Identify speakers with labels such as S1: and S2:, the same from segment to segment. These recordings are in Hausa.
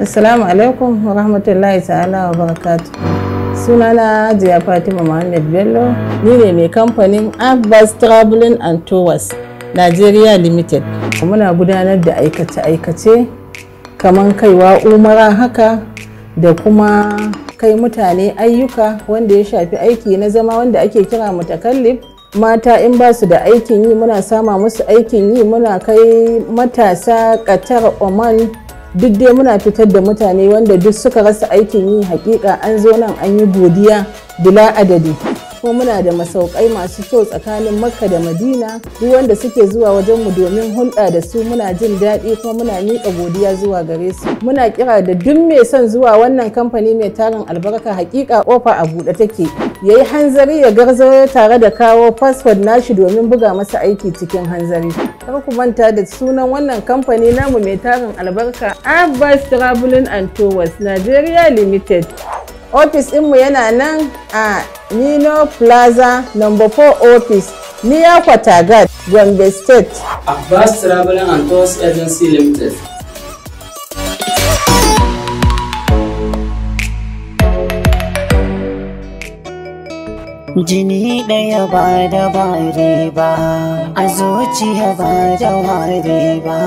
S1: Assalamu alaikum wa rahmatullahi ta'ala wa barakatu. Sunana Hajiya Fatima Muhammad Bello, ni ne mai kamfanin Abbas Traveling and Tours, Nigeria Limited. Muna gudanar da aikace-aikace kamar kaiwa umara haka da kuma kai mutane ayyuka wanda ya shafi aiki na zama wanda ake kira mutakallif mata in ba su da aikin yi muna sama musu aikin yi muna kai matasa katar oman duk dai muna fitar da mutane wanda duk suka rasa aikin yi hakika an zo nan an yi godiya bila adadi ko muna da masaukai masu kyau tsakanin makka da madina duk wanda suke zuwa wajen mu domin hulɗa da su muna jin daɗi ko muna miƙa godiya zuwa gare su muna kira da duk mai son zuwa wannan kamfani mai tarin albarka hakika kofa a buɗe take ya yi hanzari ya garzaya tare da kawo fasfod nashi domin buga masa aiki cikin hanzari kar ku manta da sunan wannan kamfani namu mai tarin albarka abbas traveling and tours nigeria limited ofis ɗinmu yana nan a nino plaza number 4 office near kwatagat gombe state
S2: abbas Traveling and tours agency limited
S3: Jini ɗaya ba da bare ba, a zuciya ba da ware ba,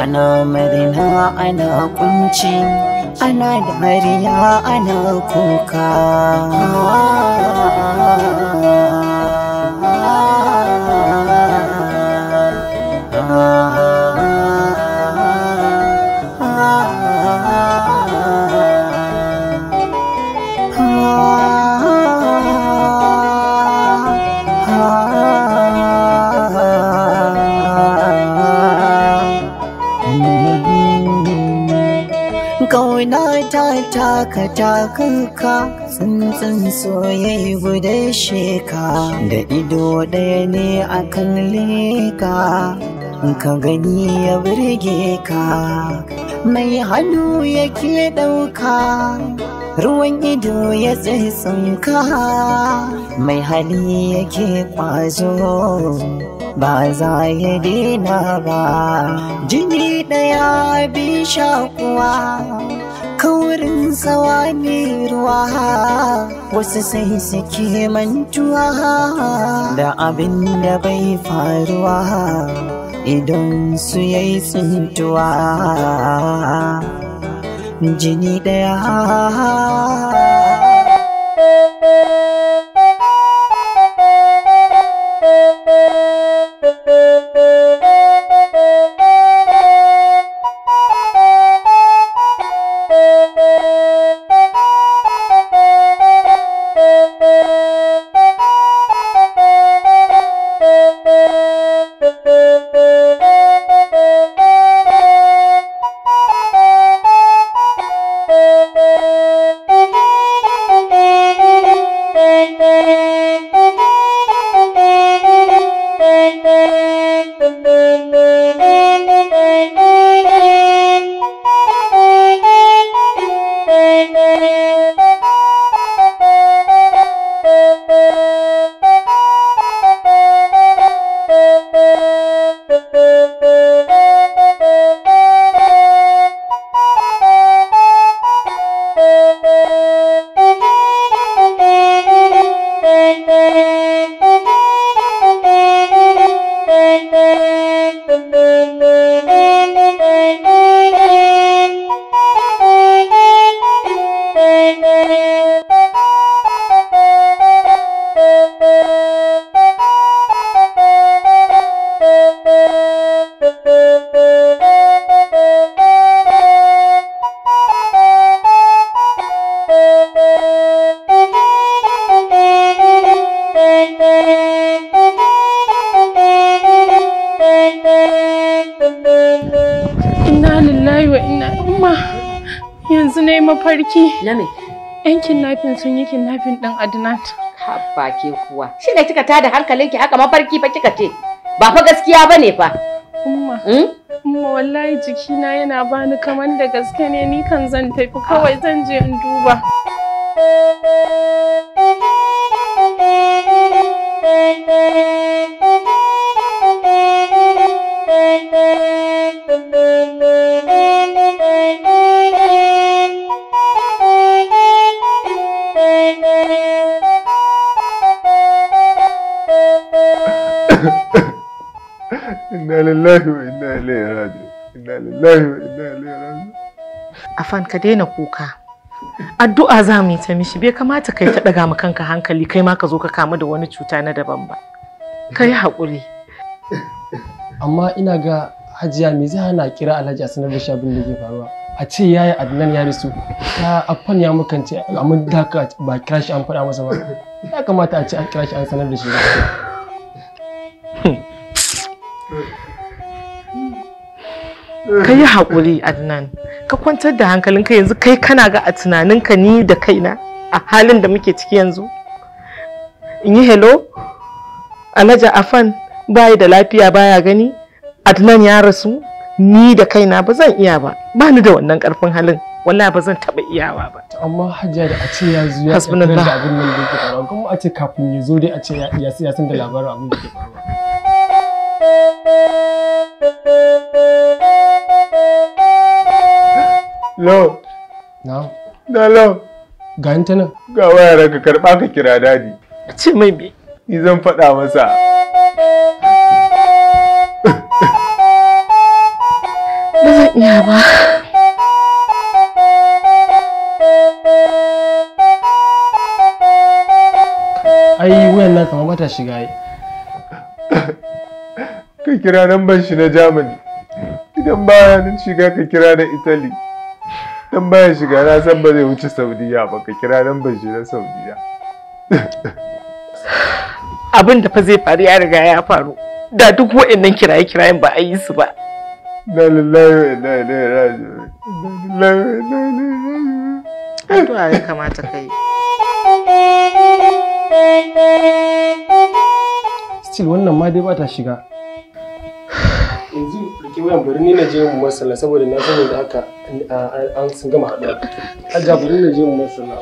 S3: ana madina ana kunci. ana dariya ana kuka taka ka tsuntsun soyayya guda sheka da ido ɗaya ne a kan leka ka gani ya burge ka mai hannu yake ɗauka ruwan ido ya ka mai hali yake ƙwazo ba za ya dina ba jini ɗaya bi sha kuwa. kaurin tsawa ne ruwa wasu sai suke mantuwa da abin da bai faruwa idan su yi tsuntuwa jini daya
S4: kidnapping din
S5: Ka ba ke kuwa.
S4: Shi ne kika tada hankalinki haka mafarki fa kika ce.
S5: Ba fa gaskiya bane fa. Umma. Hmm?
S4: Umma wallahi jikina yana bani kamar da gaske ne ni kan zan tafi kawai zan je in duba.
S6: lillahi wa inna ilaihi raji'un inna lillahi wa inna ilaihi raji'un
S7: afan ka daina kuka addu'a za mu yi ta mishi bai kamata kai ta daga kanka hankali kai ma ka zo ka kamu da wani cuta na daban ba kai haƙuri
S8: amma ina ga hajiya me zai hana kira alhaji a sanar da shi abin da ke faruwa a ce yayi adnan ya rasu ta afan ya makance amma da ba kira shi an faɗa masa ba ya kamata a ce an kira shi an sanar da shi
S7: ka yi haƙuri adnan ka kwantar da hankalinka yanzu kai kana ga a tunaninka ni da kaina a halin da muke ciki yanzu in yi hello alhaji afan baya da lafiya baya gani adnan ya rasu ni da kaina ba zan iya ba ba ni da wannan karfin halin walla ba zan taba iyawa ba
S8: amma hajjia da a ce ya zo ya tsira da abin nan da ke faruwa kuma a ce kafin ya zo dai a ce ya san da labarin abin da ke faruwa
S9: Lo. Na.
S8: Na lo. Ga ta
S9: nan. Ga wayar ka karba ka kira
S8: dadi. Ce mai bi. Ni zan faɗa masa. Ba
S10: zan iya ba.
S9: Ai wayan
S8: na kamar mata shiga yi.
S9: Ka kira nan ban shi na Germany. idan baya nan shiga ka kira na italy
S6: dan baya shiga na san ba zai wuce saudiya ba ka kira nan ba shi na saudiya abin da fa zai faru ya riga ya faru da duk wa'annan
S7: kiraye kirayen ba a yi su ba
S6: na lillahi wa inna ilaihi raji'un
S7: na
S8: lillahi wa inna ilaihi raji'un a yi kamata kai still wannan ma dai ba ta shiga Ki wayan bari ni na je mu masalla saboda na sani da haka an sun gama haɗuwa. Hajja bari na je mu masalla.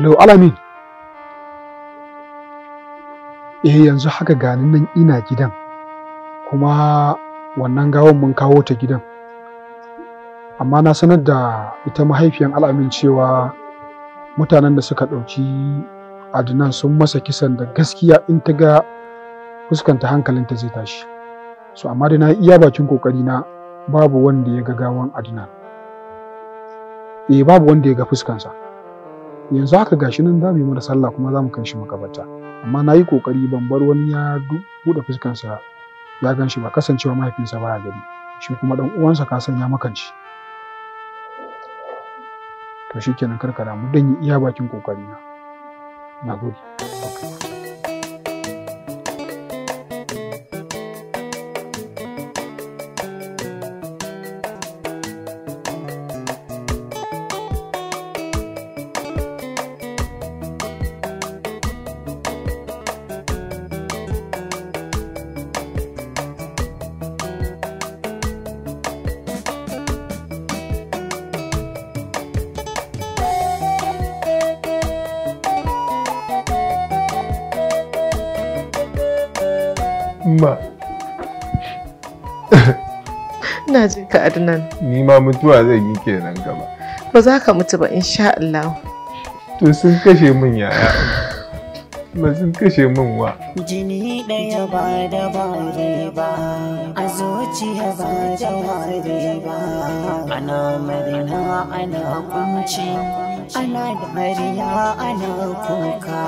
S9: kalau alamin eh yanzu haka ganin nan ina gidan kuma wannan gawon mun kawo ta gidan amma na sanar da ita mahaifiyan al'amin cewa mutanen da suka ɗauki adinan sun masa kisan da gaskiya in ta ga fuskanta hankalinta zai tashi Su amma da na iya bakin kokari na babu wanda ya ga gawan adinan eh babu wanda ya ga fuskansa yanzu haka gashi nan zamu mu yi sallah kuma zamu kai shi makabarta amma na yi ƙoƙari ban bar wani ya buɗe fuskarsa ya gan shi ba kasancewa mahaifinsa baya gani shi kuma ɗan uwansa ka san ya makanci to shikenan karkara mu dan iya bakin ƙoƙari na na gode
S7: nan
S6: ni ma mutuwa zan yi kenan gaba
S7: ba za ka mutu ba insha Allah
S6: to sun kashe min yaya Ma sun kashe min wa jini ɗaya ba
S3: da bare ba a zuciya ba da ba ana madina ana kunci ana dariya ana kuka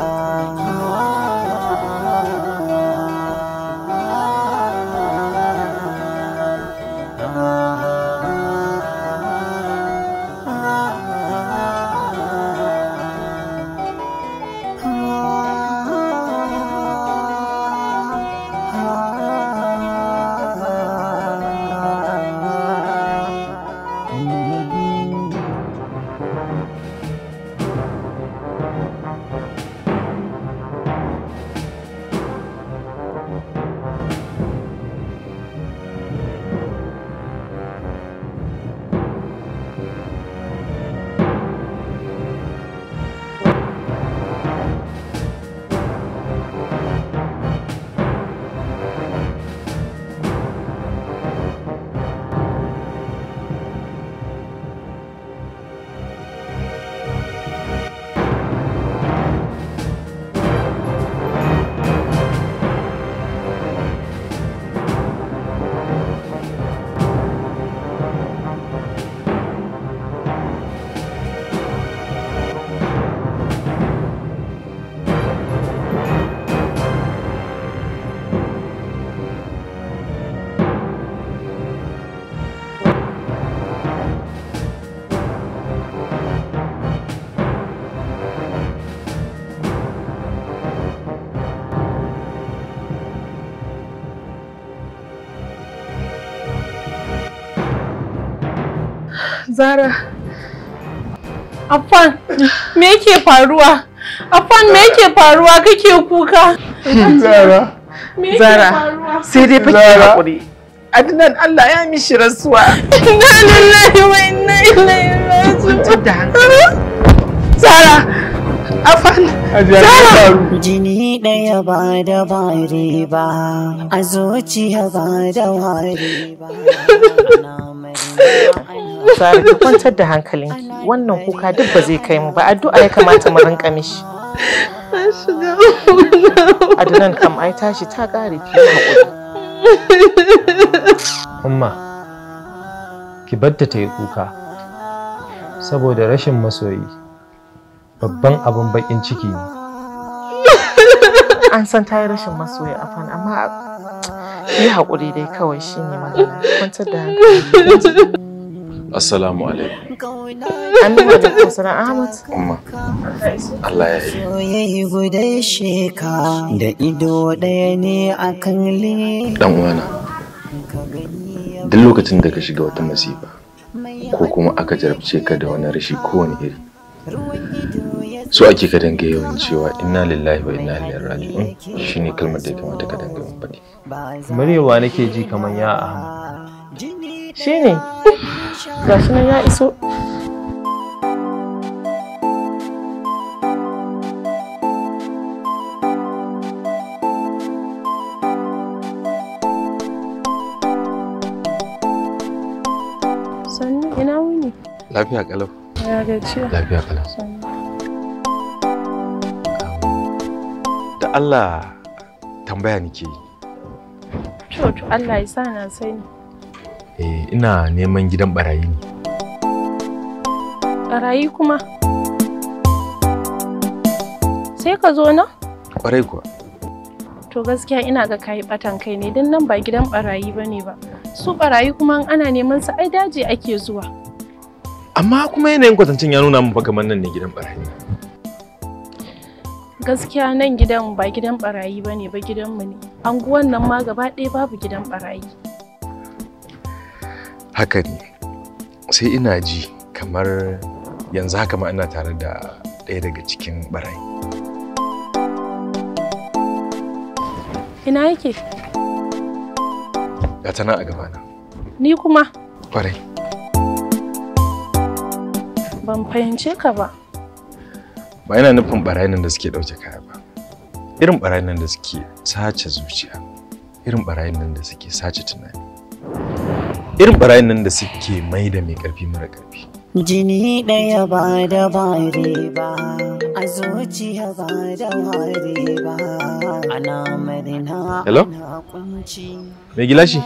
S4: Zara. Afan, me yake faruwa? Afan, me yake
S7: faruwa kake kuka? Zara. Me Zara, sai dai fake hakuri. Adnan Allah ya mishi rasuwa. Inna lillahi wa inna ilaihi raji'un. Zara, Afan, Zara.
S3: Jini ɗaya ba da bari ba, a zuciya ba
S7: da wari ba. Zara ki kwantar da hankalinki wannan kuka duk ba zai kai mu ba addu'a ya kamata mu rinka mishi.
S6: Adnan kam ai tashi ta ƙare ki Umma ki batta ta yi kuka saboda rashin masoyi babban abin bakin ciki ne.
S7: An san ta yi rashin masoyi a fan amma yi haƙuri dai kawai shine magana kwantar da hankali.
S11: Assalamu alaikum.
S7: Annabi da Kusura Ahmad. Allah ya yi. Soyayya guda
S3: sheka
S11: da ido
S3: ɗaya ne a kan le. Dan uwana.
S11: Duk lokacin da ka shiga wata masifa ko kuma aka jarabce ka da wani rashi kowane iri. So ake ka danga yawan cewa inna lillahi wa inna ilaihi raji'un shine kalmar da ya kamata ka danga yawan faɗi. Murewa nake ji kamar ya Ahmad.
S7: shi ne ga shi nan ya iso
S4: sannu ina wuni
S10: lafiya
S11: kalau
S4: ya gajiya lafiya
S11: kalau da Allah tambaya nike yi
S4: to Allah ya sa na sani
S11: Eh, ina neman gidan barayi ne.
S4: Barayi kuma? Sai ka zo na? Ƙwarai kuwa. To gaskiya ina ga kayi batan kai ne don nan ba gidan barayi ba ne ba. Su barayi kuma ana neman su ai daji ake zuwa.
S11: Amma kuma yanayin kwatancin ya nuna min fa kamar nan ne gidan barayi.
S4: gaskiya nan gidan ba gidan barayi ba ne ba gidanmu ne anguwan nan ma gaba ɗaya babu gidan barayi
S11: Hakan ne. Sai ina ji kamar yanzu haka ma ina tare da ɗaya daga cikin barayi. Ina yake? Ga ta a gabana. Ni kuma? Ƙwarai.
S4: Ban fahimce ka ba.
S11: Ba yana nufin barayin da suke ɗauke kaya ba. Irin barayin da suke sace zuciya. Irin barayin da suke sace tunani. irin barayin nan da suke mai da mai karfi mara karfi
S3: jini ɗaya ba da bare ba a zuciya ba da ware ba alamarina hello mai gilashi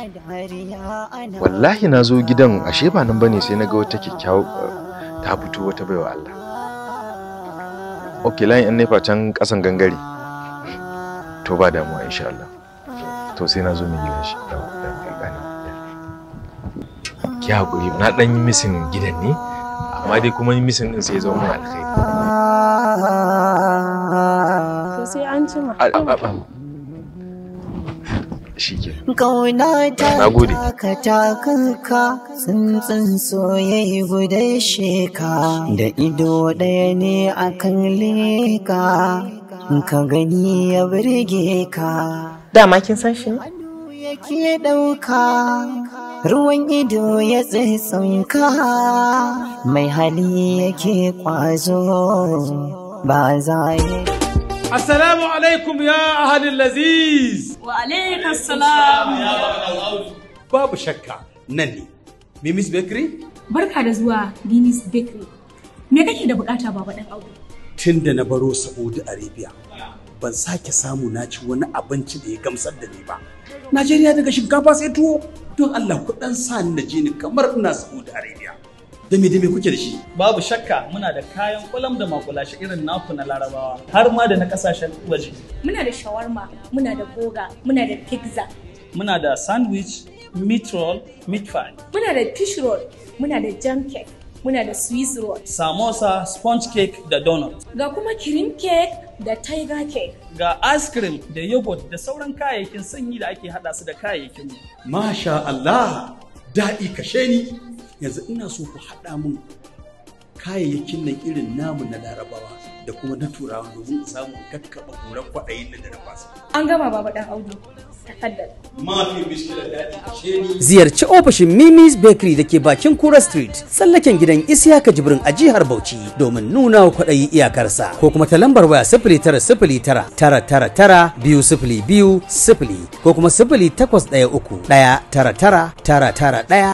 S10: wallahi
S11: na zo gidan ashe ba nan bane sai na ga wata kyakkyawa ta fito wata baiwa Allah ok layin yan nefa can kasan gangare to ba damuwa insha Allah to sai na zo mai gilashi ki hakuri na dan yi misin gidan ne amma dai kuma yi misin din sai zama alkhairi
S3: sai an ci
S10: ma
S3: Kauna ta taka takanka tsuntsun soyayya guda sheka da ido ɗaya ne akan leka ka gani ya birge ka. Dama kin san shi? Yake ɗauka. ruwan ido ya tsitsinka mai hali yake kwazo ba za
S12: Assalamu alaikum ya ahalin laziz
S13: wa alaikum salam
S12: babu shakka nan ne Mimis Bakery?
S13: Barka da zuwa Mimis Bakery. Me kake da bukata baba dan Audu?
S12: Tun da na baro Saudi Arabia, ban sake samu na ci wani abinci da ya gamsar da ni ba.
S13: Najeriya daga shinkafa sai
S12: tuwo don Allah ku dan sa ni naje ni kamar ina Saudi Arabia. Da me da me kuke da shi?
S14: Babu shakka muna da kayan kulam da makulashi irin naku na Larabawa har ma da na kasashen waje.
S13: Muna da shawarma, muna da boga, muna da pizza.
S14: Muna da sandwich, meat roll, meat pie.
S13: Muna da fish roll, muna da jam cake, muna da swiss roll.
S14: Samosa, sponge cake da donut.
S13: Ga kuma cream cake, da tiger cake
S14: ga ice cream da yogurt da sauran kayayyakin sanyi da ake haɗa su da kayayyakin masha Allah
S12: daɗi kashe ni yanzu ina so ku haɗa mun kayayyakin nan irin namu na larabawa da kuma na turawa domin samun kakkaɓa goran kwaɗayin da na fasa
S13: an gama baba ɗan audu
S12: Ziyarci ofishin Mimi's Bakery da ke bakin Kura Street, tsallaken gidan Isiyaka Jibrin a jihar Bauchi domin nuna wa kwaɗayi iyakarsa ko kuma ta lambar waya sifili tara sifili tara tara tara tara sifili biyu sifili ko kuma sifili takwas ɗaya uku ɗaya tara tara tara tara ɗaya.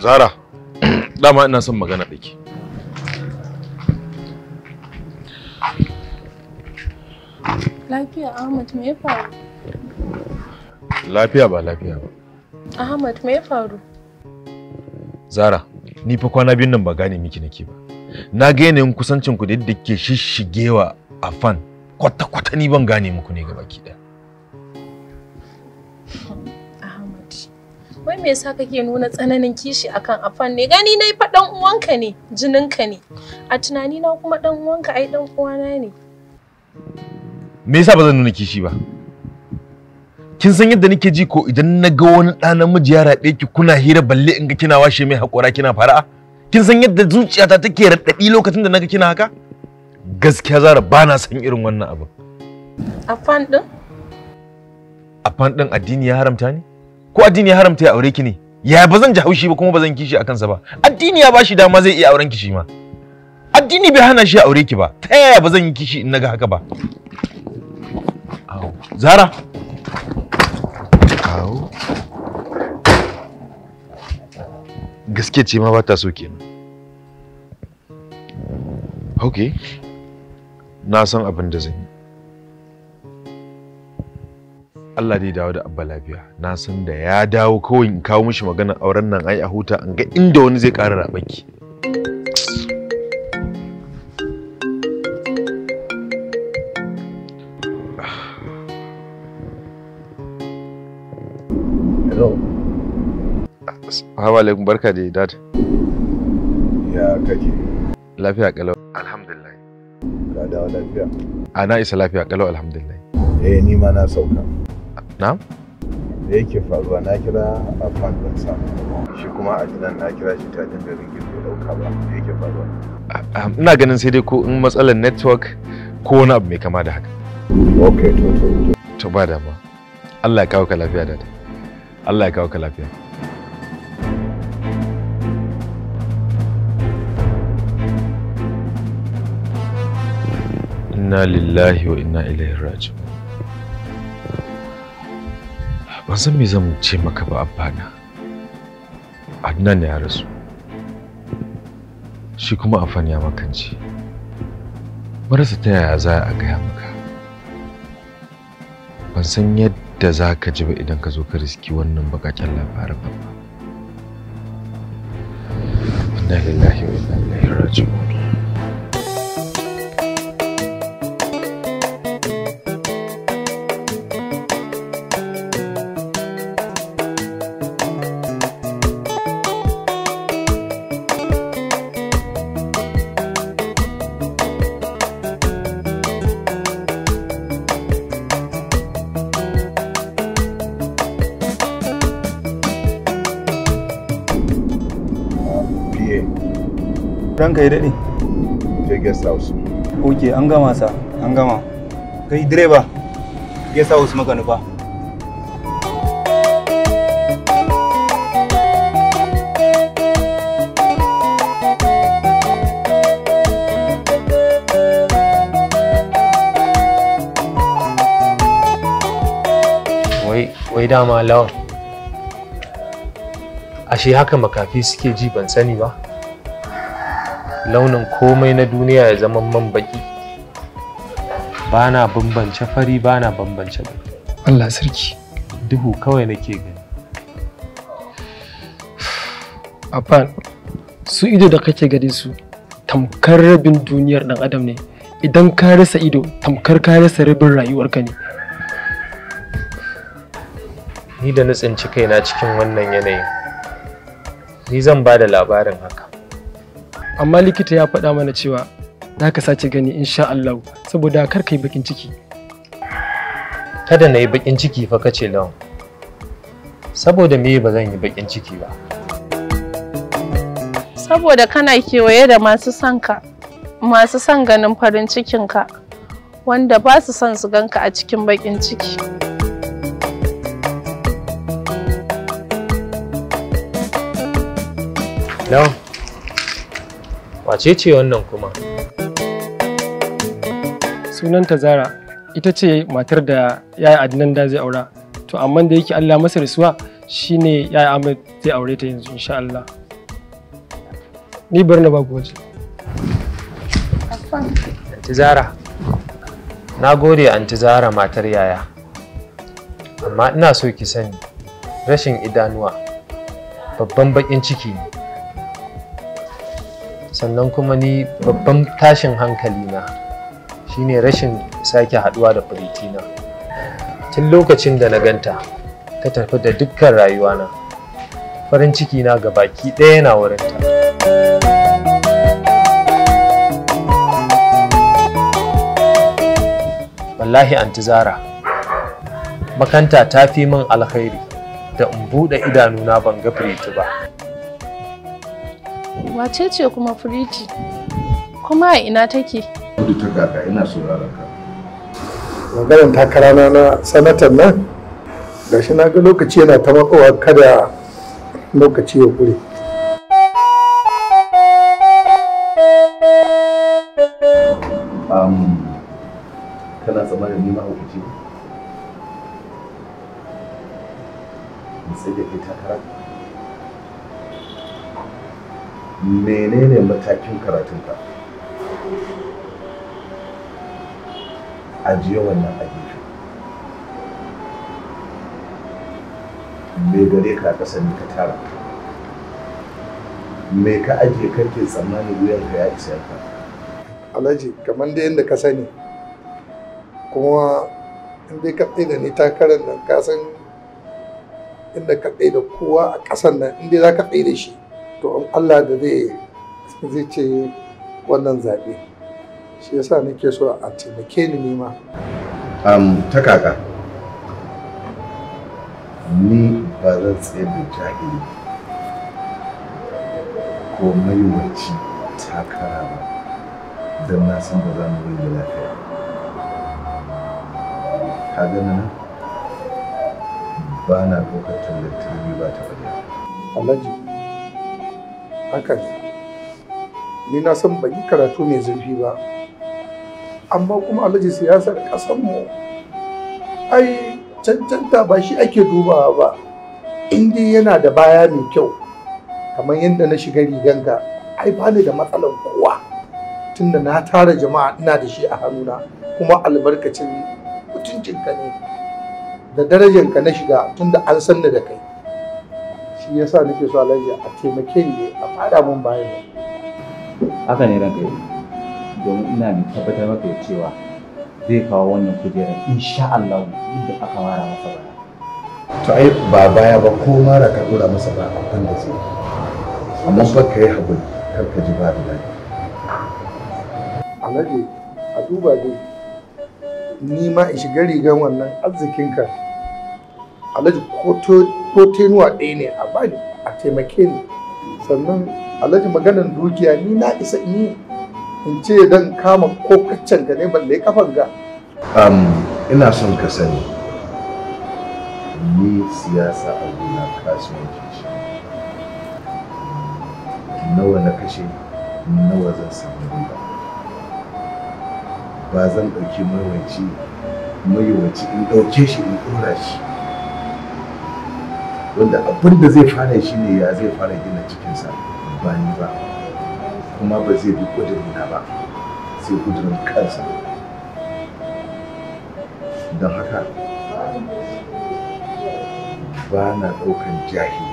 S11: Zara, dama ina son magana ɗaki.
S4: Lafiya Ahmad me ya faru?
S11: Lafiya ba lafiya ba.
S4: Ahmad me ya faru?
S11: Zara, ni fa kwana biyun nan ba gane miki nake ba. Na ga yanayin kusancin ku da yadda ke shishigewa a fan kwata-kwata ni ban gane muku ne gabaki ɗaya.
S4: me yasa kake nuna tsananin kishi akan afan ne gani nayi fa dan uwanka ne jininka ne a tunani na kuma dan uwanka ai dan uwana ne
S11: me yasa ba zan nuna kishi ba kin san yadda nake ji ko idan na ga wani ɗa namiji ya raɓe ki kuna hira balle in ga kina washe mai haƙora kina fara'a kin san yadda zuciyata take raɗaɗi lokacin da naga kina haka gaskiya zara ba na san irin wannan abin afan din afan din addini ya haramta ni ko addini ya haramta ya aure ki ne ya ba zan ji haushi ba kuma bazan zan kishi a kansa ba addini ya ba dama zai iya auren ki shi ma addini bai hana shi ya aure ki ba ta yaya bazan yi kishi in naga haka ba zara awo, gaske ce ma ba ta so kenan okay na san abin da zan yi Allah dai dawo da abba lafiya na san da ya dawo kawai in kawo mishi maganar auren nan ai a huta in ga inda wani zai ƙara rabaki Hello. Assalamu alaikum barka da dad. Ya kake? Lafiya kalau.
S15: Alhamdulillah. Ka dawo lafiya.
S11: Ana isa lafiya kalau alhamdulillah.
S15: Eh ni ma na sauka. na? da yake faruwa na kira a fan ɗinsa shi kuma a gidan na kira shi ta dinga ringin bai ɗauka ba da yake faruwa ah, ah, ina
S11: ganin sai dai ko in matsalar network ko wani abu mai kama da haka ok to to to to ba dama Allah ya kawo ka lafiya da ta, Allah ya kawo ka lafiya inna lillahi wa inna ilaihi raji'un ban san me zan ce maka ba na. adnan ya rasu shi kuma afan ya makance marasa ta yaya za a gaya maka ban san yadda za ka ji ba idan ka zo ka riski wannan bakaken labarin ba inna lillahi wa inna ilaihi ranka ya daɗe?
S15: Je guest
S12: house. Ok, an gama sa, an gama. Kai direba,
S16: guest house maka nufa.
S6: wai dama lawan ashe haka makafi suke ji ban sani ba launin komai na duniya ya zama man baki bana bambance fari bana bambance ba Allah sarki duhu kawai nake gani
S8: afan su ido da kake gani su tamkar rabin
S6: duniyar dan adam ne
S8: idan ka rasa ido tamkar ka rasa rabin rayuwarka ne
S6: ni da na tsinci kaina cikin wannan yanayin ni zan ba da labarin haka
S8: amma likita ya faɗa mana cewa
S6: za ka sace gani insha Allah saboda kar ka yi bakin ciki kada na yi bakin ciki fa kace lawan saboda me ba zan yi bakin ciki ba
S4: saboda kana kewaye da masu son masu son ganin farin cikin ka wanda ba su son su ganka a cikin bakin ciki
S6: lawan Wace ce wannan kuma?
S8: Sunanta Zara, ita ce matar da yaya Adnan da zai aura. To amman da yake Allah masa rasuwa shine yaya Ahmed zai aure ta
S6: yanzu insha Allah.
S8: Ni bar na babu waje.
S6: Anti Zara. Na gode Anti Zara matar yaya. Amma ina so ki sani rashin idanuwa babban bakin ciki ne. sannan kuma ni babban tashin hankali na shine rashin sake haduwa da na. tun lokacin da na ganta ta tafi da dukkan rayuwana farin ciki na ga baki ɗaya yana wurinta wallahi anti zara makanta ta fi min alkhairi da in buɗe idanuna ban ga firiti ba
S4: Wace ce kuma firiji? Kuma a ina take?
S9: Kudu ta kaka ina sauraron ka. Maganar takarana na na sanatan nan gashi na ga lokaci yana ta makowa kada lokaci ya kure.
S14: Um, kana tsammanin ni mahaukaci ne?
S15: menene matakin karatunka ajiye wannan ajiye me gare ka ka sani ka tara
S9: me ka ajiye kake tsammanin wuyanka ya isa ka alhaji kamar da yadda ka sani kuma inda ka ka da ni takarar nan ka san inda ka da kowa a ƙasar nan inda za ka da shi to Allah da zai zai ce wannan zaɓe shi yasa nake so a taimake ni nima
S15: um, ta kaka ni ba zan tsaye
S9: da jahili
S15: ko maiwaci takara ba don na san ba za mu yi lafiya ka gana nan ba na ɗaukar tallar ba ta faɗi
S9: alhaji haka ni na san ban yi karatu mai zurfi ba amma kuma alhaji siyasar mu ai cancanta ba shi ake dubawa ba indi yana da baya mai kyau kamar yadda na shiga riganka ai ba ni da matsalar kowa tunda na tara jama'a ina da shi a hannuna kuma albarkacin mutuncinka ne da darajanka na shiga tunda an ni da kai shi sa nake so alhaji a taimake ni a fada mun bayan
S14: haka ne ranka yi
S12: domin ina ne tabbatar maka da cewa zai kawo wannan kujerar insha Allah
S15: inda aka mara masa ba. to ai ba baya ba ko mara ka dora masa ba kan da zai amma ba ka yi haƙuri kar ka ji ba da lafiya.
S9: alhaji a duba dai ni ma in shiga rigar wannan arzikinka alhaji ko to ko ɗaya ne a bani a taimake ni sannan alhaji maganan dukiya ni na isa ni in ce dan kama ko kaccan ga ne balle kafan ga
S15: ina son ka sani ni siyasa a gona kasuwanci shi. nawa na kashe nawa zan samu riba ba zan ɗauki mai mayawanci in ɗauke shi in ɗora shi wanda abin da zai fara shi ne ya zai fara gina cikinsa ba ni ba kuma ba zai bi ƙudurina ba sai ƙudurin kansa don haka ba na ɗaukan jahili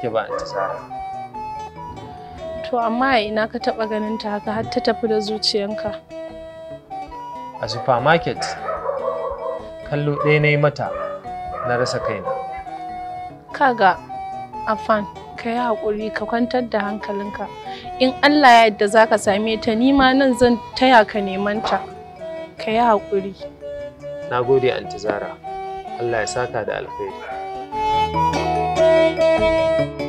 S6: take ba intisara
S4: to amma ina ka taba ganin ta haka har ta tafi da zuciyanka
S6: a supermarket kallo ɗaya na yi mata na rasa kaina
S4: kaga afan ka yi haƙuri ka kwantar da hankalinka in allah ya yadda za ka same ta nima nan zan taya ka neman ta ka yi haƙuri
S6: na gode antizara allah ya saka da alkhairi Música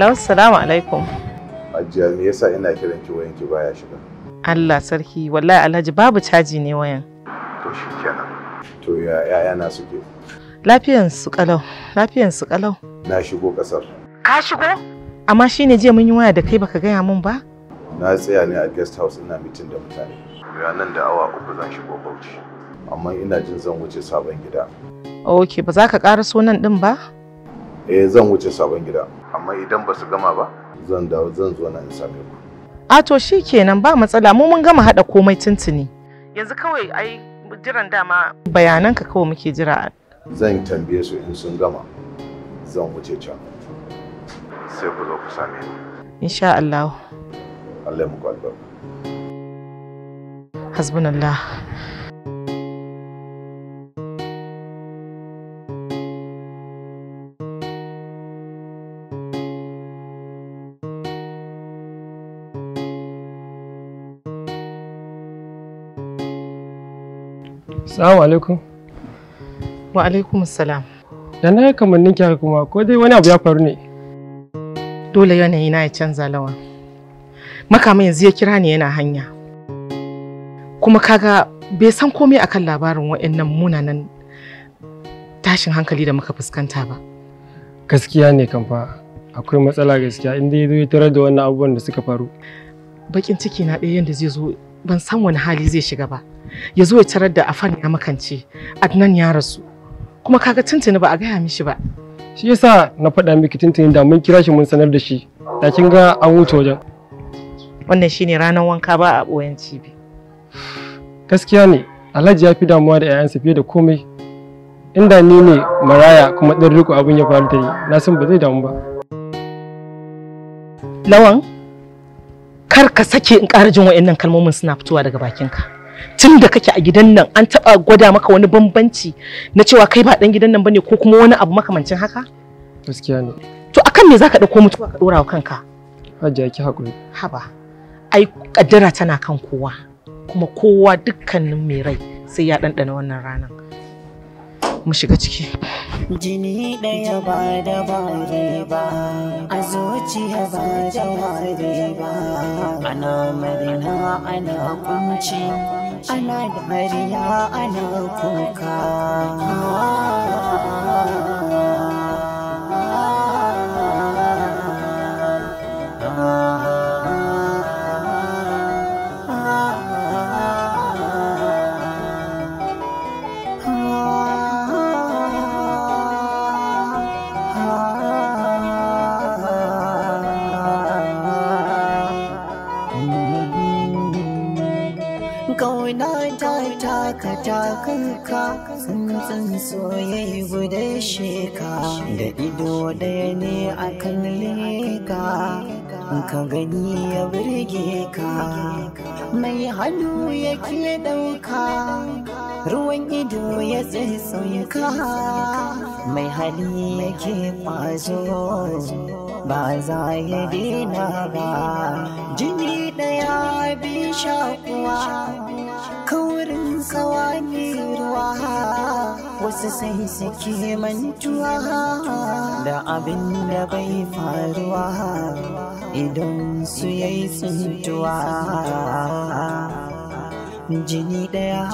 S7: Hello, salamu alaikum.
S15: Ajiya me yasa ina kiran ki wayan baya shiga?
S7: Allah sarki, wallahi Alhaji babu caji ne wayan.
S15: To shi kenan. To ya yaya na suke?
S7: Lafiyan su kalau, lafiyan su kalau.
S15: Na shigo kasar.
S7: Ka shigo? Amma shine jiya mun yi waya da kai baka gaya mun ba?
S15: Na tsaya ne a guest house ina mitin da mutane. Ya nan da awa uku zan shigo Bauchi. Amma ina jin zan wuce sabon gida.
S7: Ok, ba za ka ƙara sunan din ba?
S15: eh zan wuce sabon gida amma idan ba su gama ba zan dawo zan zo nan in same ku
S7: a to shikenan ba matsala mu mun gama hada komai tuntuni yanzu kawai ai jiran dama Bayanan ka kawai muke jira
S15: zan tambaye su in sun gama zan wuce can sai ku zo ku same ni
S7: insha Allah Allah ya kwalba hasbunallah Assalamu alaikum. Wa alaikum assalam.
S8: Da na kamannin ki kuma ko dai wani abu ya faru ne?
S7: Dole yanayi na ya canza lawa. Makama yanzu ya kira ni yana hanya. Kuma kaga bai san komai akan labarin waɗannan munanan tashin hankali da muka fuskanta ba.
S8: Gaskiya ne kan fa akwai matsala gaskiya inda ya zo ya tarar da wannan abubuwan da suka faru.
S7: Bakin ciki na ɗaya yanda zai zo ban san wani hali zai shiga ba. ya zo ya tarar da afan ya makance adnan ya rasu kuma kaga tuntuni ba a gaya mishi ba
S8: shi yasa na faɗa miki tuntuni da mun kira shi mun sanar da shi da kin ga an wuce wajen
S7: wannan shine ranar wanka ba a ɓoyen cibi
S8: gaskiya ne alhaji ya fi damuwa da 'ya'yansa fiye da komai inda ni ne maraya kuma ɗan riko abin ya faru da ni na san ba zai damu ba lawan kar ka sake in ƙara jin wa'annan kalmomin
S7: suna fitowa daga bakinka tun da kake a gidan nan an taba gwada maka wani bambanci na cewa kai ba ɗan gidan nan bane ko kuma wani abu makamancin haka gaskiya ne to akan me zaka ɗauko mutuwa ka dora wa kanka hajja ki hakuri haba ai kaddara tana kan kowa kuma kowa dukkanin mai rai sai ya dandana wannan ranar mu shiga ciki
S3: jini ɗaya ba da bare ba a zuciya ba da bare ba ana marina ana kunci ana dariya ana kuka takanka tsuntsun soyayya guda sheka da ido daya ne akan leka ka gani ya birge ka mai hannu yake ɗauka ruwan ido ya sauka. mai hali yake kwazo ba za ya dina ba jini ɗaya bi shakuwa ruwa wasu sai suke mantuwa da abin da bai faruwa idan su yayi tsuntuwa jini daya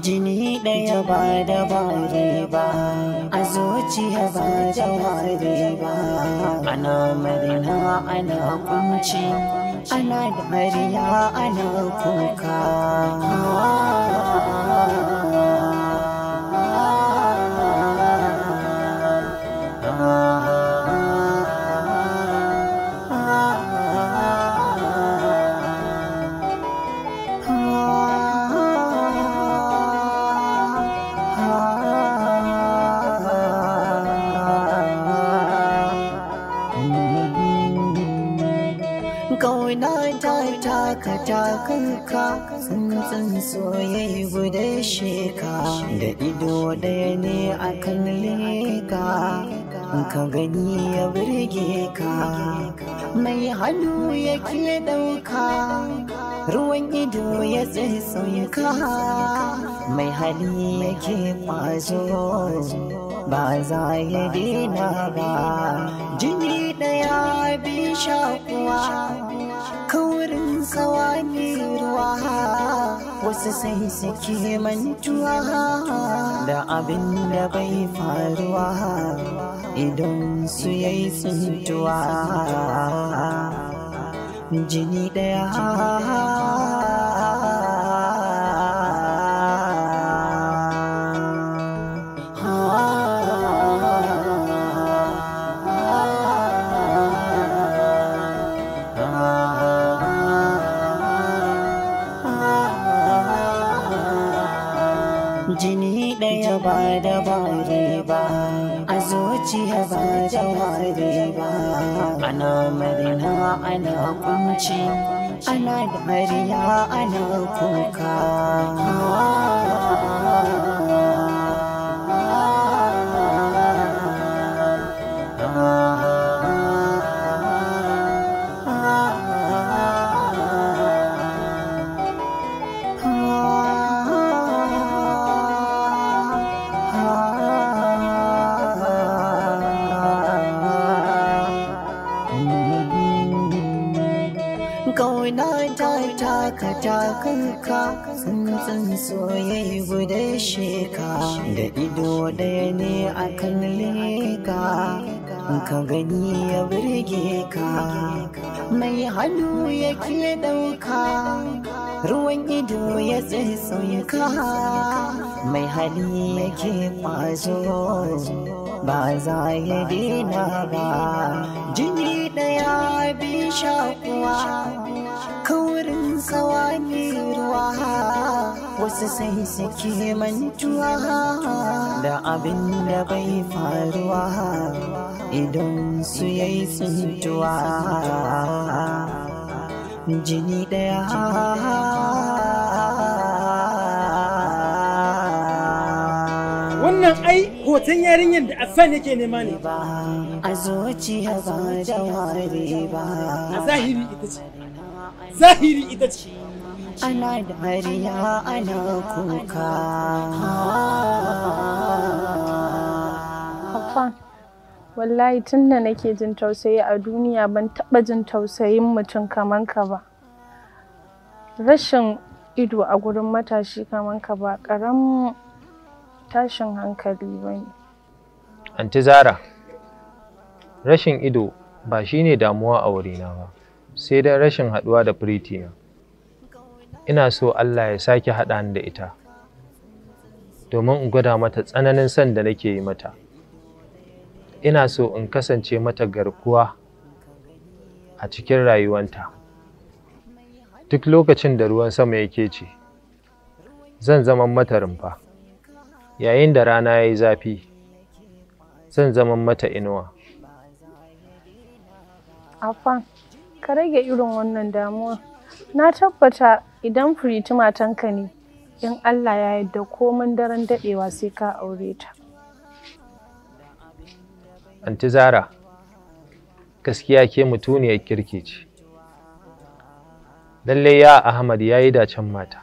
S3: jini daya ba da ba zuciya ba ta ana marina ana kunci ana dariya
S10: ana kuka
S3: soyayi guda sheka da ido ɗaya ne a kan leka ka gani ya birge ka mai hannu yake ɗauka ruwan ido ya sauka. mai hali yake ƙwazo ba za ya dina ba jini ɗaya bi shakuwa kaurin kawani ruwa wasu sai suke mantuwa da abin da bai faruwa idan su yi tsuntuwa jini daya zuciya ba jawari ana marina ana kunci ana
S10: dariya ana kuka ah.
S3: soyayya guda sheka da ido ɗaya ne a kan leka ka gani ya birge ka mai hannu ya ke ɗauka ruwan ido ya sauka. mai hali ya ke ƙwazo ba za ya dina ba jini ɗaya bi shakuwa sawaki ruwa wasu sai suke mantuwa da abin da bai faruwa idan su yayi tsuntuwa jini daya
S16: wannan ai hoton yarinyar da Afan yake nema ne a zuciya ba da ba a zahiri ita ce zahiri
S3: ita ce ana dariya ana
S4: kuka wallahi tun da nake jin tausayi a duniya ban taɓa jin tausayin mutum kaman ka ba rashin ido a gurin matashi kaman ka ba ƙaramin tashin hankali ba ne
S6: anti zara rashin ido ba shine damuwa a wurina ba sai dai rashin haɗuwa da firiti na. Ina so Allah ya sake haɗa ni da ita, domin in gwada mata tsananin son da nake yi mata. Ina so in kasance mata garkuwa a cikin rayuwanta. Duk lokacin da ruwan sama yake ce, zan zama mata rumfa, yayin da rana ya yi zafi, zan zama mata inuwa.
S4: Afan. ka rage irin wannan damuwa. na tabbata idan firiti matanka ne in allah ya yarda komin daren daɗewa
S1: sai ka aure ta
S6: anti zara gaskiya ke mutuniyar kirki ce lallai ya ahmad ya yi dacen mata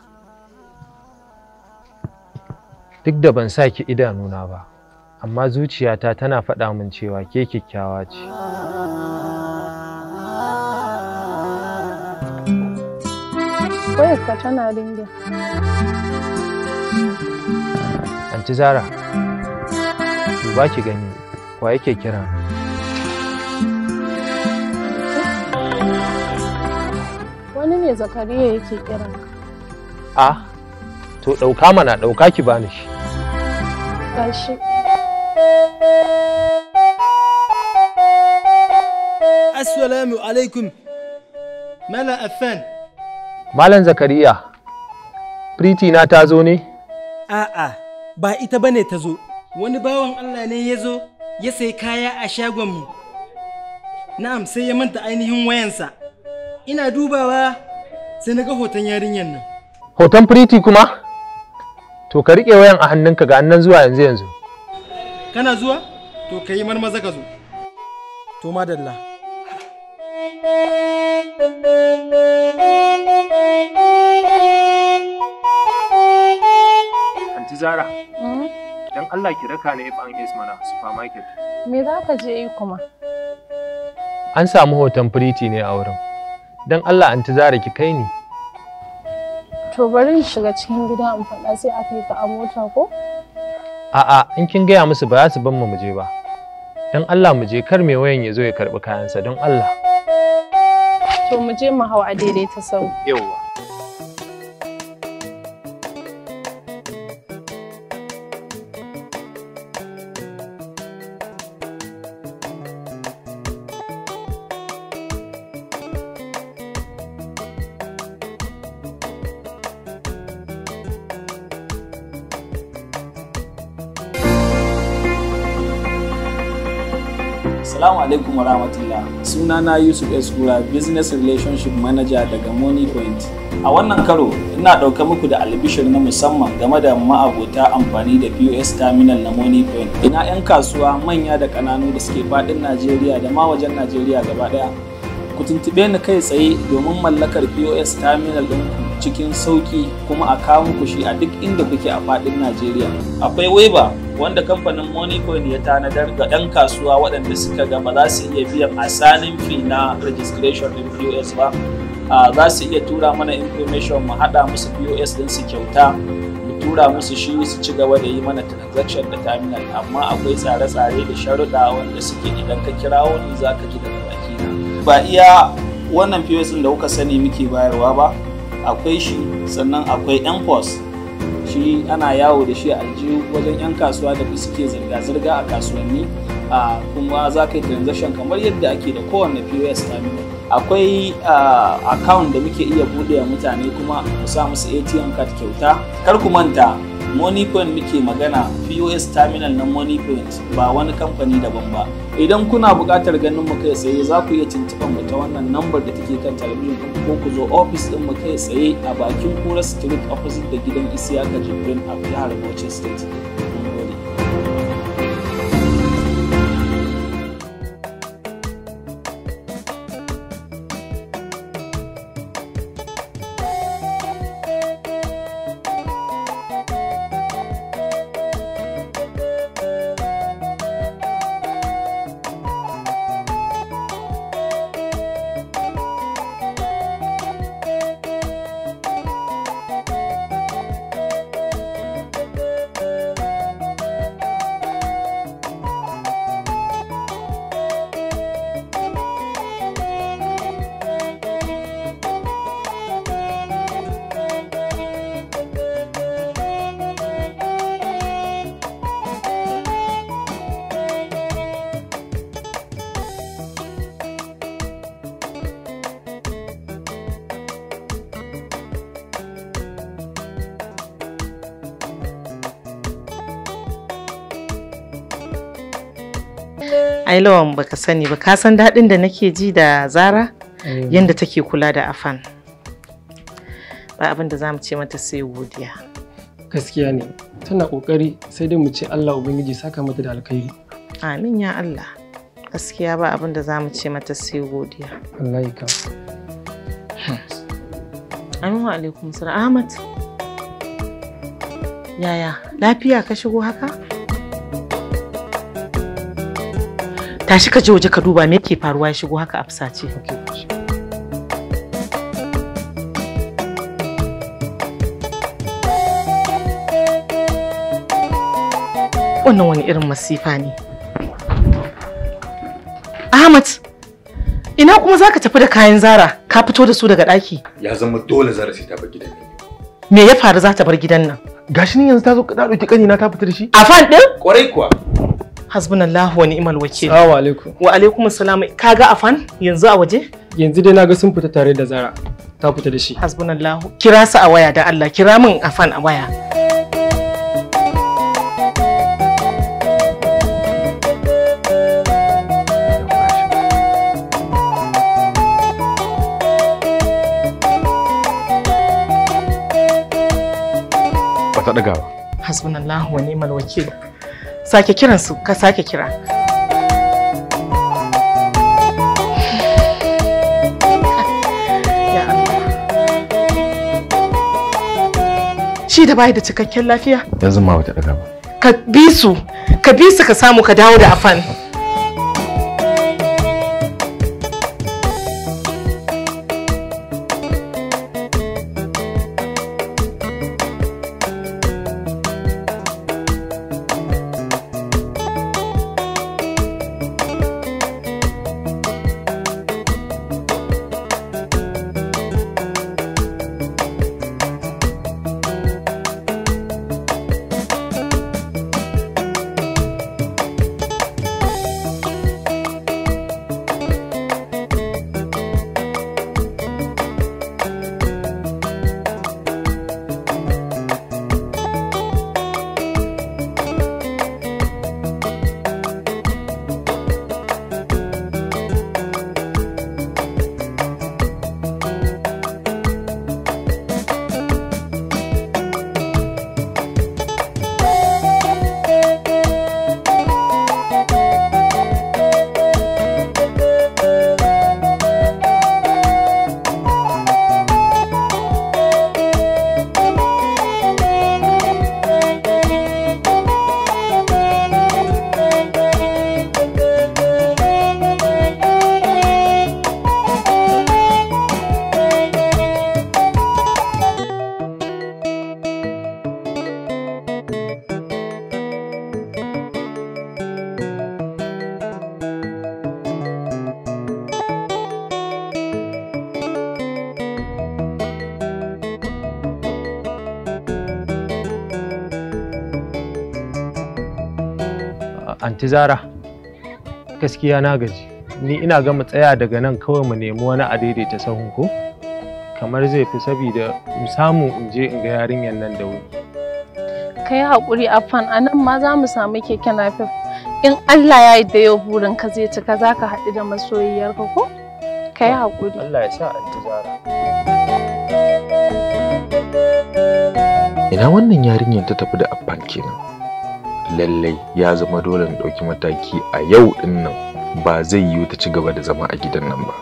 S6: duk da ban sa ki idanuna ba amma zuciyata tana faɗa min cewa ke kyakkyawa
S10: ce
S4: Wayarka tana ringin.
S6: Anti Zara, ba ki gani wa yake kira.
S4: Wani ne Zakariya yake kira.
S6: A, to ɗauka mana ɗauka ki bani shi.
S16: Gashi. Assalamu alaikum. Mala Affan.
S6: Malam Zakariya, Priti na ta zo ne?
S16: A'a, ba ita bane ta zo. Wani bawan Allah ne ya zo ya sai kaya a shagonmu. Na'am sai ya manta ainihin wayansa. Ina dubawa sai na ga hoton yarinyar nan.
S6: Hoton Priti kuma? To ka riƙe wayan a hannunka ga annan zuwa yanzu yanzu.
S16: Kana zuwa? To ka yi marmaza ka zo. To madalla.
S10: Anti
S6: Zara, hmm? don Allah ki raka ni FNS mana supermarket.
S4: Me za ka je yi kuma?
S6: An samu hoton firiti ne a wurin. Don Allah Anti Zara ki kai ni.
S4: To bari in shiga cikin gida in faɗa sai aka yi ka a mota ko?
S6: A'a, in kin gaya musu ba za su ban mu muje ba. don Allah mu je kar mai wayan ya zo ya karɓi kayansa don Allah.
S4: To mu je mu hau a ta sau.
S6: Yawwa.
S14: Assalamu alaikum warahmatullah. Sunana Yusuf Eskura, Business Relationship Manager daga Money Point. A wannan karo, ina ɗauka muku da albishir na musamman game da ma'abota amfani da POS terminal na Money Point. Ina 'yan kasuwa manya da ƙananu da suke faɗin Najeriya da ma wajen Najeriya gaba ɗaya. Ku tuntuɓe ni kai tsaye domin mallakar POS terminal ɗin cikin sauƙi kuma a kawo muku shi a duk inda kuke a faɗin Najeriya. Akwai Weba wanda kamfanin Moniecoin ya tanadar ga 'yan kasuwa waɗanda suka gama za su iya biyan asalin fi na registration ɗin POS ba. Za su iya tura mana information mu haɗa musu POS ɗin su kyauta mu tura musu shi su ci gaba da yi mana transaction da terminal amma akwai tsare-tsare da sharuɗa wanda suke idan ka kirawo ni za ka ji daga baki Ba iya wannan POS ɗin da kuka sani muke bayarwa ba akwai shi sannan akwai MPOS shi ana yawo da shi a aljihu wajen 'yan kasuwa da suke zirga-zirga a kasuwanni a kuma za ka yi transaction kamar yadda ake da kowane pos terminal akwai account da muke iya buɗe mutane kuma ku sa musu atm card kyauta kar ku manta moneypoint muke magana pos terminal na moneypoint ba wani kamfani daban ba idan kuna buƙatar ganin mu kai tsaye za ku iya tuntuɓar mu ta wannan lambar da take kan talabijin ɗin ko ku zo ofis ɗin mu kai tsaye a bakin kura street opposite da gidan isiyaka jibrin a jihar bauchi state
S7: ai lawan baka sani ba ka san daɗin da nake ji da zara eh. yadda take kula da afan
S8: ba abin da za mu ce mata sai godiya gaskiya ne tana kokari sai dai mu ce Allah ubangiji saka mata da alkhairi amin
S7: ya Allah gaskiya ba abin da za mu ce mata sai godiya ya ka Aminu alaikum sir Ahmad yaya lafiya ka shigo haka tashi ka je waje ka duba me yake faruwa ya shigo haka a fusace. wannan wani irin masifa ne Ahmad ina kuma zaka tafi da kayan Zara ka fito da su daga ɗaki
S11: ya zama dole Zara sai ta bar gidan nan
S7: me ya faru za ta bar gidan nan gashi ni yanzu ta zo ka dauki kanina ta fita da
S11: shi a fan ɗin? kwarai kuwa
S7: hasbunallahu wa ni'mal wakil assalamu alaikum wa alaikum assalam kaga afan yanzu a waje yanzu dai naga sun fita tare da zara ta fita da shi hasbunallahu kira su a waya da Allah kira min afan a waya ta ɗagawa. Hasbunallahu wa ni'mal wakil. sake kiransu ka sake kira shi da bai da cikakken lafiya
S11: yanzu ma bata daga ba
S7: ka bi su ka bi su ka samu ka dawo da afan
S6: anti zara gaskiya na gaji ni ina gama tsaya daga nan kawai mu nemi wani a daidaita sahun ko kamar zai fi saboda mu samu in je in ga yarinyar nan da wuri
S4: kai haƙuri afan a nan ma za mu samu keke nafif in Allah ya yi da yau burin ka zai cika za ka haɗu da masoyiyar ka ko
S6: kai haƙuri Allah ya sa an
S11: ina wannan yarinyar ta tafi da afan kenan lallai ya zama dole na ɗauki mataki a yau ɗin nan ba zai yiwu ta ci gaba da zama a gidan nan ba.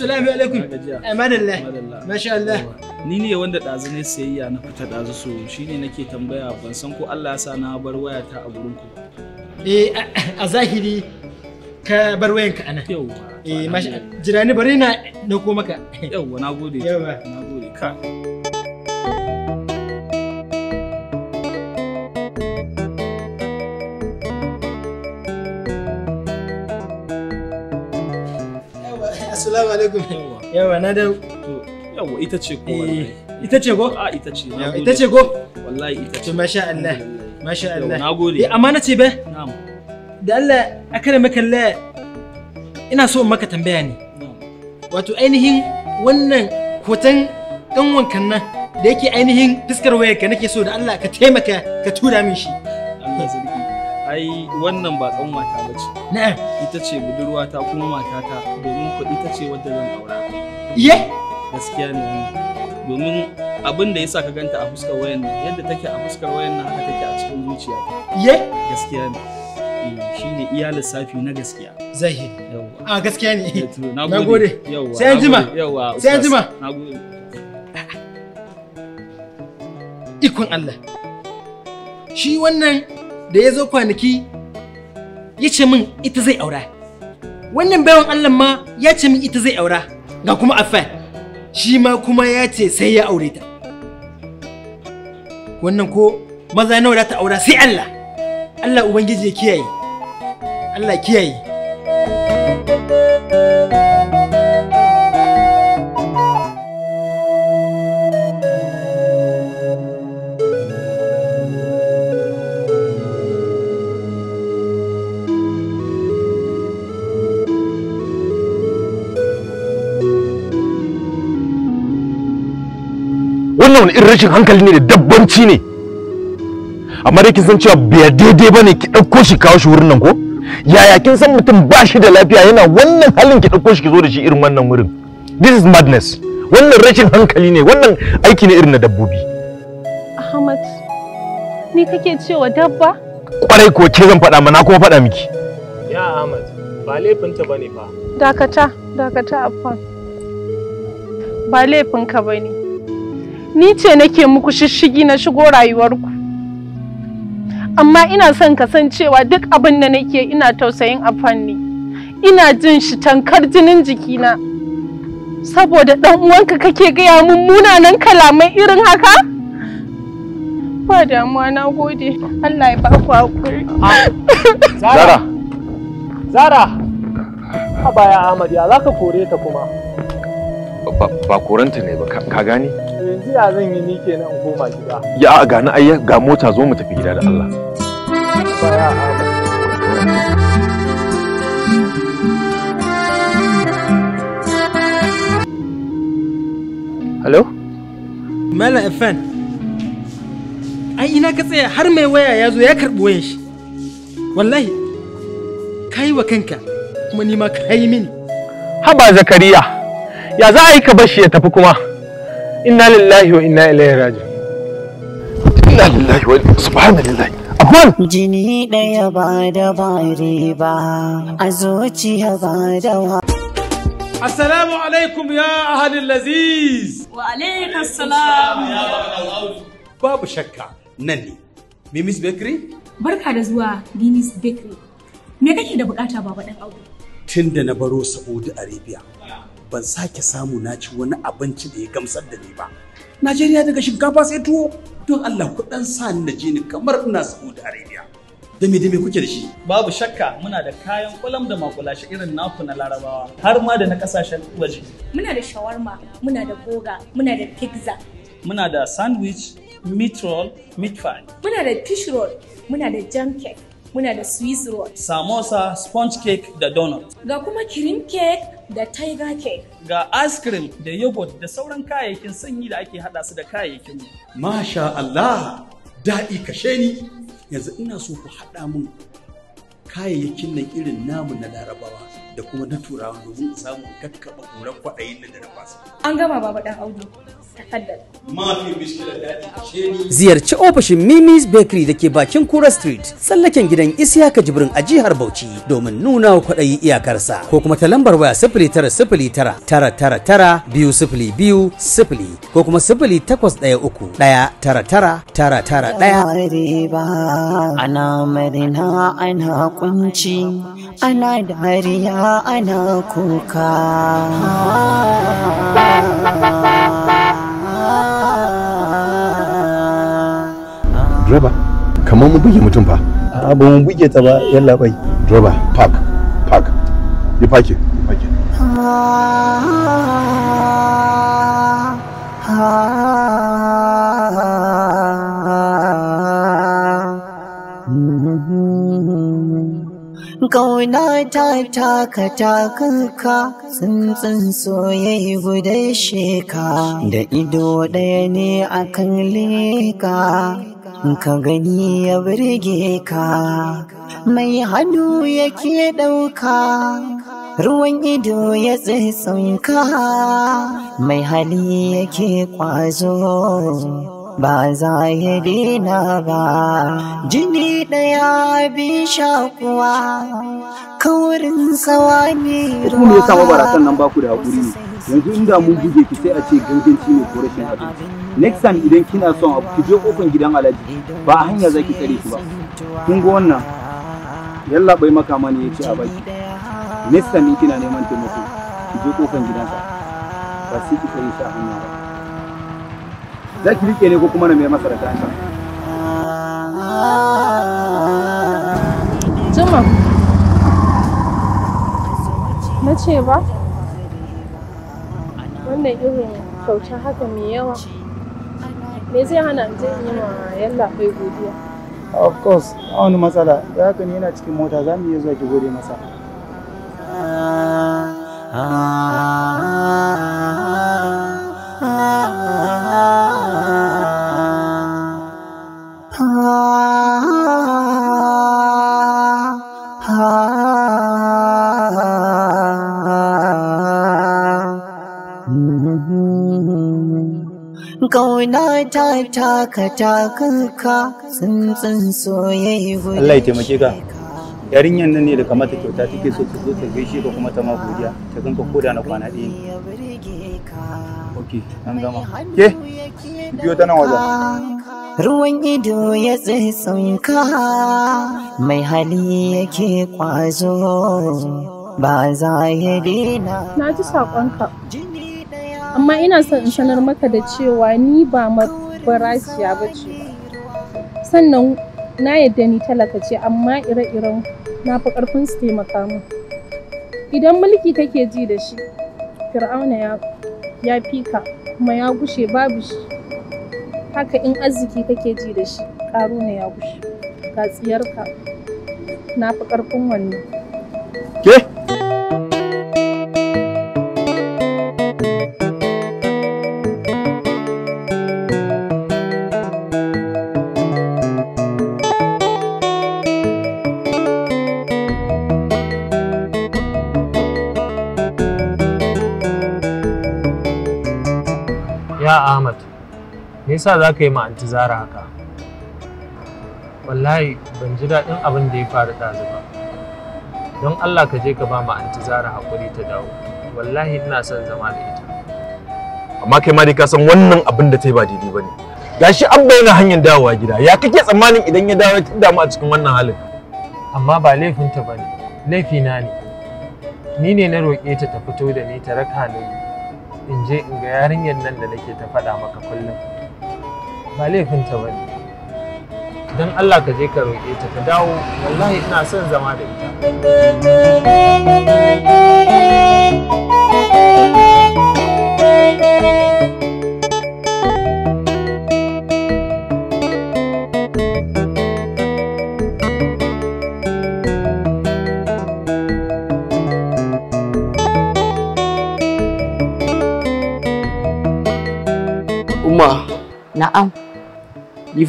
S16: Assalamu eh,
S14: Masha Allah. ni ne wanda ɗazu ne sayayya na fita ɗazu so shine nake tambaya ban san ko Allah ya sa na bar wayata a gurin ku eh a zahiri
S16: ka bar ka ana yau eh jira ni bari na dauko maka
S14: yauwa nagode na gode ka
S16: Assalamu alaikum. Yawa na da
S14: yawa ita ce ko wallahi ita ce ko a ita ce ita ce ko wallahi ita
S16: ce masha Allah
S14: masha Allah nagode eh amana ce
S16: be na'am da Allah akare maka Allah ina so maka tambaya ne wato ainihin wannan hoton dan wankan nan da yake ainihin fuskar wayarka nake so da Allah ka taimaka ka tura min shi
S14: Allah sarki ai wannan ba tsan mata ba ce. Na'am. Ita ce budurwata kuma matata domin kuɗi ita ce wadda zan aura. Iye? gaskiya ne domin abin da yasa ka ganta a fuskar wayan nan yadda take a fuskar wayan nan haka take a cikin zuciya ye gaskiya ne eh, shine iya lissafi na gaskiya Zai yi a gaskiya ne eh, na gode sai an jima sai an jima ikon Allah
S16: shi wannan da ya zo kwanaki ya ce min ita zai aura wannan bayan Allah ma ya ce min ita zai aura ga kuma afai shi ma kuma ya ce sai ya aure ta wannan ko maza nawa da ta aura sai Allah Allah ubangiji ya kiyaye Allah kiyaye
S11: wani irin rashin hankali ne da dabbanci ne amma dai kin san cewa bai daidai bane ki ɗauko shi kawo shi wurin nan ko yaya kin san mutum ba shi da lafiya yana wannan halin ki ɗauko shi ki zo da shi irin wannan wurin this is madness wannan rashin hankali ne wannan aiki ne irin na dabbobi
S4: Ahmad ni kake cewa dabba
S11: kwarai ko ke zan faɗa mana kuma faɗa miki
S6: ya Ahmad ba laifinta bane fa
S4: dakata dakata afan ba laifinka bane ni ce nake muku shishigi na shigo rayuwarku amma ina son ka san cewa duk abin da nake ina tausayin afanni, ina jin shi tankar jinin jikina saboda ɗan uwanka kake gaya mun munanan kalamai irin haka ba damuwa na gode Allah ya ba ku hakuri
S10: zara
S8: zara a baya ahmad ya zaka kore ta kuma
S11: ba koranta ne ba ka gane
S8: yanzu ya zan yi ni kenan in koma gida
S11: ya a na ayya ga mota zo mu tafi gida da Allah
S16: Hello? Mala Efan, ai ina ka tsaya har mai waya ya zo ya karɓi wayan shi. Wallahi, ka yi wa kanka kuma ni ma ka yi mini. Haba Zakariya. ya za a yi ka bashi ya tafi kuma inna lillahi wa inna ilaihi raji inna
S3: lillahi
S14: wa
S16: subhanallahi
S3: abban jini daya ba da ba riba
S12: a zuciya ba da wa assalamu alaikum ya ahalin laziz
S13: wa alaikum salam
S12: babu shakka nan ne mimis bakery
S13: barka da zuwa mimis bakery me kake da bukata baba dan audu
S12: tun da na baro saudi arabia ban sake samu na ci wani abinci da ya gamsar da ni ba najeriya daga shinkafa sai tuwo don allah ku dan sa
S14: ni na je ni kamar ina saudi arabia da me da me kuke da shi babu shakka muna da kayan kwalam da makulashi irin naku na larabawa har ma da na kasashen waje
S13: muna da shawarma muna da boga muna da pizza
S14: muna da sandwich meat roll meat pie
S13: muna da fish roll muna da jam cake muna da swiss roll
S14: samosa sponge cake da donut
S13: ga kuma cream cake da taiga ke.
S14: ga ice cream da yogurt da sauran kayayyakin sanyi da ake haɗa su da kayayyakin mu masha Allah
S12: daɗi kashe ni yanzu ina so ku haɗa mun kayayyakin nan irin namu na larabawa da kuma na turawa domin samun kakkaba kuran kwaɗayin da na fasa
S13: an gama baba ɗan audu
S12: Ziyarci ofishin Mimi's Bakery da ke bakin Kura Street, tsallaken gidan Isiyaka Jibrin a jihar Bauchi domin nuna wa kwaɗayi iyakarsa ko kuma ta lambar waya sifili tara sifili tara tara tara tara biyu sifili biyu sifili ko kuma sifili takwas ɗaya uku ɗaya tara tara tara tara
S3: ɗaya. Ana marina ana kunci ana dariya ana kuka.
S11: Direba, kamar mun buge mutum fa. A'a ba mu buge ta ba yalla bai. Direba, park,
S15: park. Yi parking, yi parking.
S3: Kauna ta taka takanka tsuntsun soyayya guda sheka da ido ɗaya ne akan leka. ka gani ya birge ka mai hannu yake ɗauka ruwan ido ya tsitsinka mai hali yake kwazo ba za ya dina ba jini ɗaya bi kuwa kawurin sawa ne ruwa ne ya sa
S12: nan baku da haƙuri ne yanzu inda mun buge
S14: ki sai a ce ganganci ne ko rashin abinci next time idan kina son abu ki je ofin gidan alhaji ba a hanya zaki tsare ki ba kun ga wannan yalla bai maka mani ya ci a baki next time kina neman taimako ki je gidan gidansa ba sai ki tsare shi a hanya ba za ki rike ne ko kuma na mai masa da kansa
S4: Juma na ce ba wannan irin kyauta haka mai yawa me zai hana in je in yi ma yalla kai
S16: godiya
S12: of course a wani matsala da haka ne yana cikin mota za mu iya zuwa ki gode masa
S16: ah, ah, ah. ah.
S3: kauna ta taka takanka tsuntsun soyayya Allah ya taimake
S12: ka yarinyar nan ne da kamata kyauta take so ta zo ta gaishe ka kuma ta ma godiya ta ganka koda na kwana ɗaya ne ok an gama ke biyo ta nan wajen ruwan ido
S3: ya tsinka mai hali yake kwazo ba za ya dina
S4: na ji saƙonka amma ina son in sanar maka da cewa ni ba mabarasiya ba ce sannan na yadda ni talaka ce amma ire-iren na fi ƙarfin su taimaka min idan mulki kake ji da shi fir'auna ya fika kuma ya gushe babu shi haka in arziki kake ji da shi ƙaruna ya gushe ga tsiyarka na fi ƙarfin wannan
S10: ke
S6: yasa za ka yi ma anti zara haka wallahi ban ji daɗin abin da ya faru ɗazu ba don allah ka je ka ba ma anti zara haƙuri ta dawo wallahi ina son zama da ita
S11: amma kai ma dai ka san wannan abin da ta yi ba daidai ba ne gashi abba yana hanyar dawowa gida ya kake tsammanin idan ya dawo ta damu a cikin wannan halin amma ba laifinta ba ne laifina
S6: ne ni ne na roƙe ta ta fito da ni ta raka ni in je in ga yarinyar nan da nake ta faɗa maka kullum ba laifinta ba ne
S14: don Allah ka je ka roƙe ta ka
S6: dawo wallahi ina son zama da ita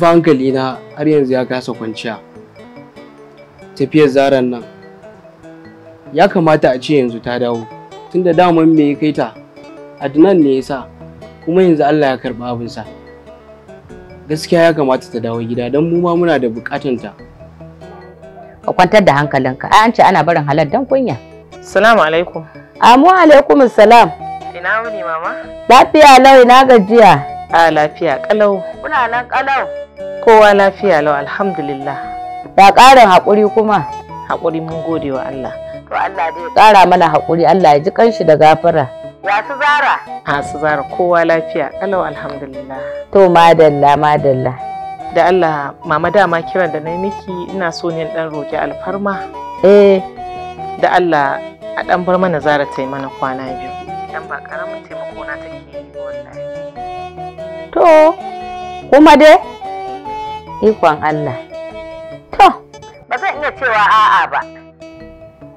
S2: fa hankali na har yanzu ya kasa kwanciya tafiyar zaran nan ya kamata a ce yanzu ta dawo tunda daman me ya kaita adnan ne ya sa kuma yanzu allah ya karɓi abinsa gaskiya ya kamata ta dawo gida don
S5: mu ma muna da ta ka kwantar da hankalinka ai an ce ana barin halar dan kunya
S7: assalamu alaikum
S5: amu alaikum salam ina wuni mama lafiya lau ina gajiya A lafiya kalau. Kuna nan kalau. Kowa lafiya lau alhamdulillah. Da ƙarin haƙuri kuma.
S7: Haƙuri mun gode wa Allah. To Allah dai ƙara mana
S5: haƙuri Allah ya ji kanshi da gafara.
S7: Ya su zara. A su zara kowa lafiya kalau alhamdulillah.
S5: To madalla madalla. Da Allah
S7: mama dama kiran da na miki ina so ne dan roki alfarma. Eh. Da Allah a dan bar mana zara ta yi mana kwana biyu. Dan ba karamin taimako na take yi wallahi.
S5: To, kuma dai ikon Allah. To, ba zan iya cewa a'a ba.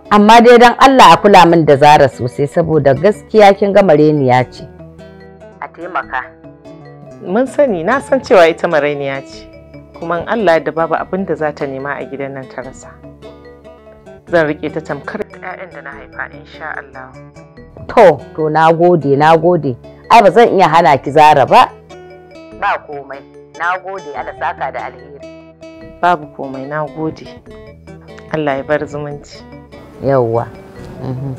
S5: Amma dai don Allah a kula min da zara sosai saboda gaskiya kin ga mareniya ce. A taimaka.
S7: Mun sani na san cewa ita mareniya ce. Kuma Allah da babu abin da za ta nema a gidan nan ta rasa. Zan riƙe ta tamkar
S5: 'ya'yan da na haifa insha Allah. To, to na gode, na gode. Ai ba zan iya hana ki zara ba. ba komai na gode Allah saka da alheri
S7: babu komai na gode Allah ya bar zumunci
S5: yawwa mhm.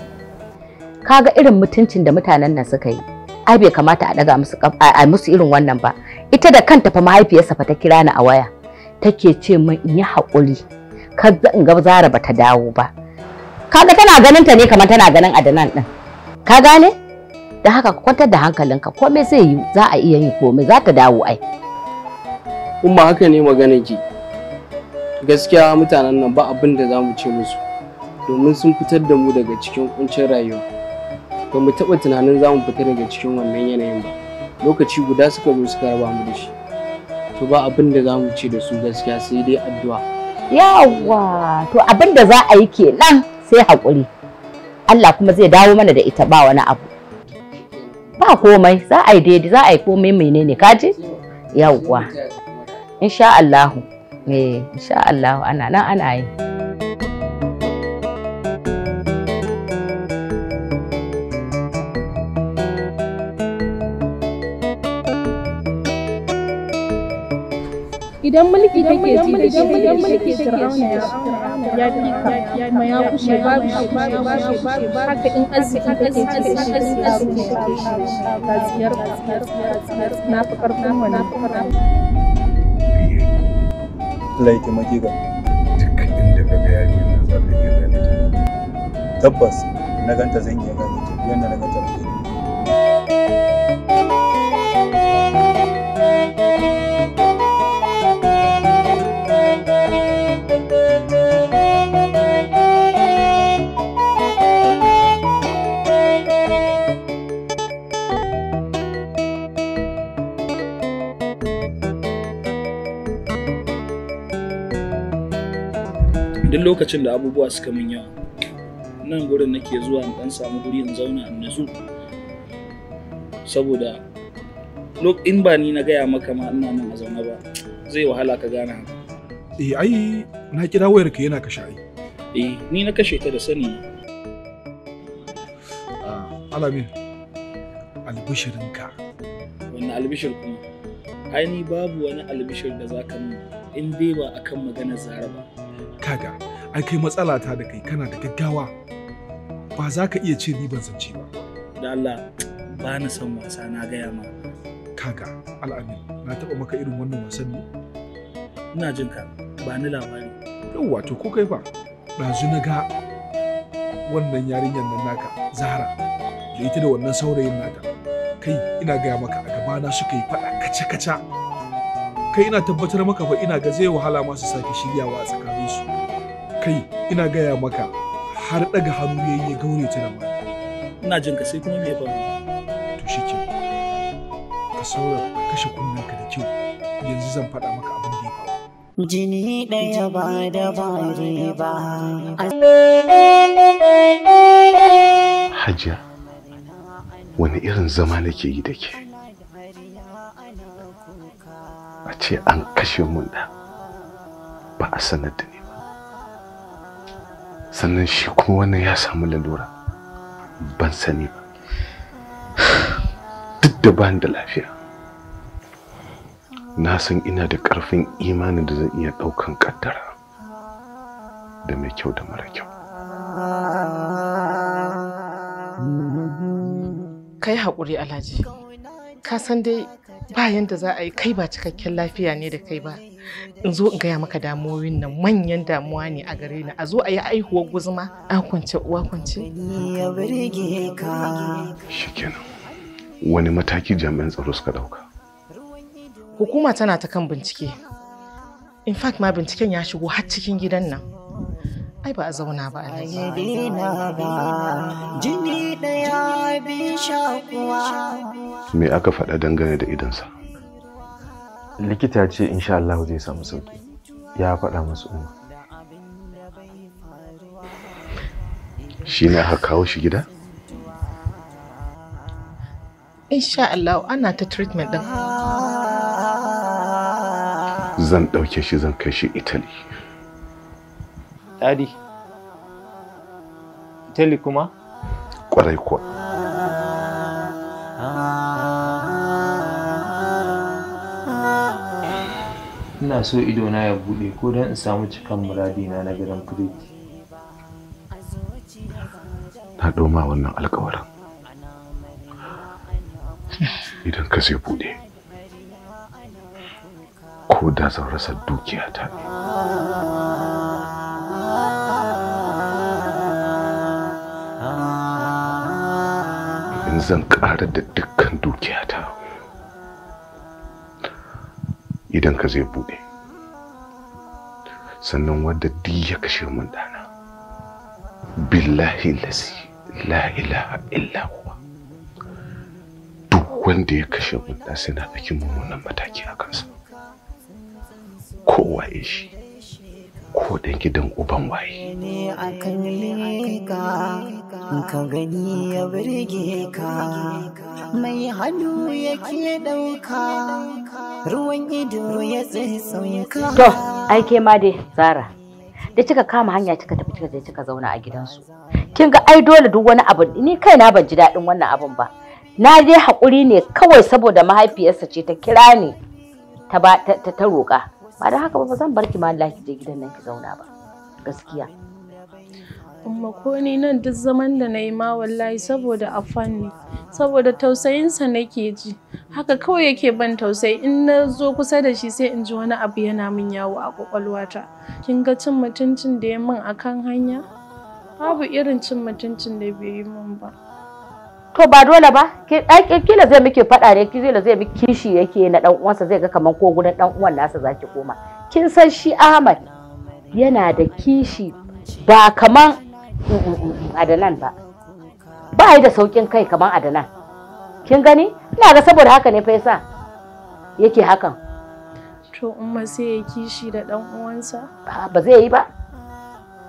S5: kaga irin mutuncin da mutanen nan suka yi ai bai kamata a daga musu a musu irin wannan ba ita da kanta fa mahaifiyarsa fa ta kira ni a waya take ce min in yi haƙuri kar in ga zara bata dawo ba
S10: kaga tana ganin ta ne kamar tana ganin
S5: adanan din ka gane da haka ka kwantar da hankalinka komai zai yi za a iya yi komai za ta dawo ai umma haka ne magana
S2: ki gaskiya mutanen nan ba abin da za mu ce musu domin sun fitar da mu daga cikin kuncin rayuwa ba mu taɓa tunanin za mu fita daga cikin wannan yanayin ba lokaci guda suka zo suka raba mu da shi to ba abin da za mu ce da su gaskiya sai dai addu'a
S5: yawa to abin da za a yi kenan sai haƙuri Allah kuma zai dawo mana da ita ba wani abu ba komai za a yi daidai za a yi komai menene kaji yawwa insha Allah eh insha Allah ana nan ana yi
S4: idan mulki take ji da shi idan mulki take rauna ya fi ma ya kushe babu shi ba shi haka in arziki take ji da shi arziki take ji gaziyar gaziyar na fi karfin ya taimake
S12: ka duk inda ka ga yarinya na za ka iya ta tabbas na ganta zan iya gane ta na ganta
S14: lokacin da abubuwa suka min yawa nan gurin nake zuwa in dan samu guri in zauna in nazu saboda in ba ni na gaya maka ma ina nan a zaune ba zai wahala ka gane haka
S9: eh ai na kira wayar ka yana kashe ai
S14: eh ni na kashe ta da sani
S9: ah alamin albishirinka wannan
S14: albishir ku ai ni babu wani albishir da zaka nuna in dai ba akan magana zara ba
S9: kaga ai kai matsala ta da kai kana da gaggawa ba za ka iya ce ni ban zance ba
S14: da Allah ba na son wasa na gaya ma
S9: kaga al'amin na taba maka irin wannan wasan ne
S14: ina jin ka ba ni labari yauwa to ko kai fa ɗazu na ga
S9: wannan yarinyar nan naka zahra da ita da wannan saurayin nata kai ina gaya maka a gabana suka yi faɗa kaca-kaca kai ina tabbatar maka fa ina ga zai wahala masu sake shiryawa a tsakaninsu kai ina gaya maka har daga hannu yayi ya gaure ta da ma
S14: ina jin ka sai kuma me ba.
S9: To shi ke. ka saura ka kashe ka da kyau yanzu zan faɗa maka abin da ya
S3: faru jini ɗaya ba da bare ba
S15: hajiya wani irin zama nake yi da ke a ce an kashe mun da ba a sanar da sannan shi kuma wannan ya samu lalura ban sani ba duk da bani da lafiya na san ina da ƙarfin imanin da zan iya ɗaukan ƙaddara da mai kyau da mara kyau
S7: kai haƙuri alhaji ka san dai ba yanda za a yi kai ba cikakken lafiya ne da kai ba in zo in gaya maka damuwoyin nan manyan damuwa ne a gare ni a zo a yi aihuwar guzuma an kwance uwa kwance shikenan
S15: wani mataki jami'an tsaro suka dauka
S7: hukuma tana ta kan bincike in fact ma binciken ya shigo har cikin gidan nan ai ba a zauna ba a yi
S11: me aka faɗa dangane da idansa likita ya ce insha Allah zai samu sauki
S15: ya faɗa masu umma shi ne aka kawo shi gida
S7: insha Allah ana ta treatment din
S15: zan ɗauke shi zan kai shi Italy
S6: tsari tele kuma kwarai kuwa ina so idona ya buɗe ko don in samu cikan muradina na gidan kudi
S15: na ɗoma wannan alkawarin idan ka sai buɗe ko da zan rasa dukiyata ne zan ƙara da dukkan dukiyata idan ka zai buɗe sannan wadda di ya kashe mun ɗana billahi lasi la ilaha illa duk wanda ya kashe mun ɗa sai na mummunan mataki a kansa kowa ya shi ko dan gidan uban waye ne
S3: a kan leka
S15: ka gani
S3: ya burge ka mai hannu yake dauka
S5: ruwan ido ya tsaye tsitsauka to ai ke ma dai zara da kika kama hanya kika tafi kika je kika zauna a gidansu kin ga ai dole duk wani abu ni kai na ban ji daɗin wannan abun ba na je haƙuri ne kawai saboda mahaifiyarsa ce ta kira ni ta roƙa ba da haka ba zan bar ki ma Allah ki je gidan nan ki zauna ba gaskiya umma ko ni
S4: nan duk zaman da na yi ma wallahi saboda afan ne saboda tausayinsa nake ji haka kawai yake ban tausayi in na zo kusa da shi sai in ji wani abu yana min yawo a kwakwalwata kin ga cin mutuncin da ya min akan hanya babu irin cin mutuncin da bai yi min ba
S5: to ba dole ba kila zai muke faɗa ne ki zai miki kishi yake na dan uwansa zai ga kaman ko gudan dan uwan nasa zaki koma kin san shi Ahmad yana da kishi ba kaman mm, mm, mm, Adanan ba ba da saukin kai kaman Adanan kin gani ina ga saboda haka ne fa yasa yake hakan
S4: to umma sai ya kishi da dan uwansa
S5: ba zai yi ba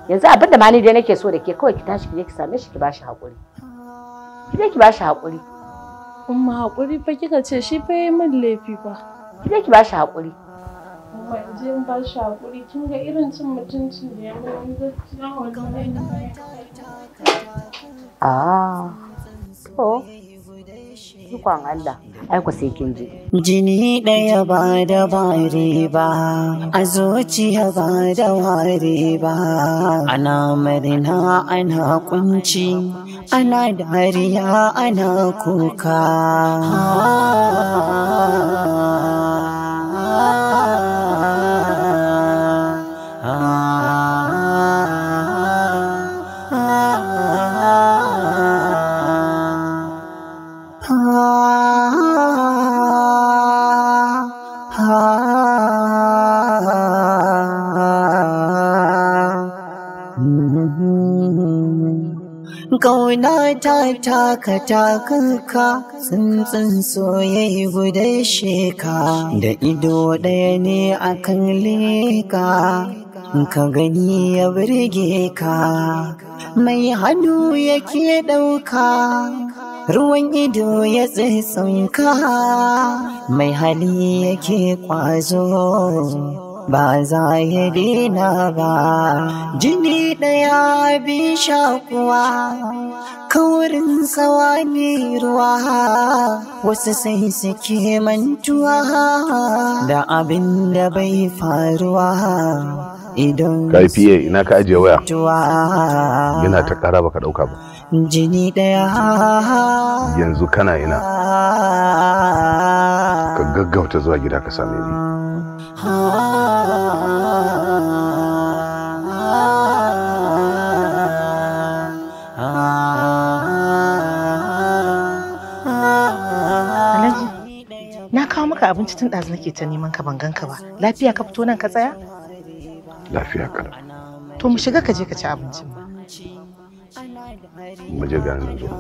S5: yanzu abin da ma ni dai nake so da ke kawai ki tashi ki je ki same shi ki bashi hakuri ki je ki bashi haƙuri umma haƙuri fa
S4: kika ce shi fa yi min laifi ba.
S5: ki je ki bashi haƙuri
S4: umma in je in bashi haƙuri kin ga irin cin mutuncin da ya mun gaskiya wallahi
S3: a
S5: to Ikon Allah, ku sai kin ji.
S3: Jini ɗaya ba da bare ba, a zuciya ba da ware ba. Ana marina ana kunci, ana dariya ana kuka. kauna ta taka takanka tsuntsun yi guda sheka da ido ɗaya ne kan leka ka gani ya birge ka mai hannu yake ɗauka ruwan ido ya ka. mai hali yake kwazo ba zahiri na ba jini ɗaya bi shakuwa kaurin tsawa ne ruwa wasu sai suke mantuwa da abin da bai faruwa idan ka
S15: yi ina ka ajiye waya yana ta kara baka dauka ba
S3: jini daya
S15: yanzu kana ina ka gaggauta zuwa gida ka same ni Na
S7: kawo maka abinci tun ɗazu nake ta neman ka ban ganka ba lafiya ka fito nan ka tsaya
S10: lafiya kana
S7: to mu shiga ka je ka ci abincin ba.
S15: mu je ga nan zo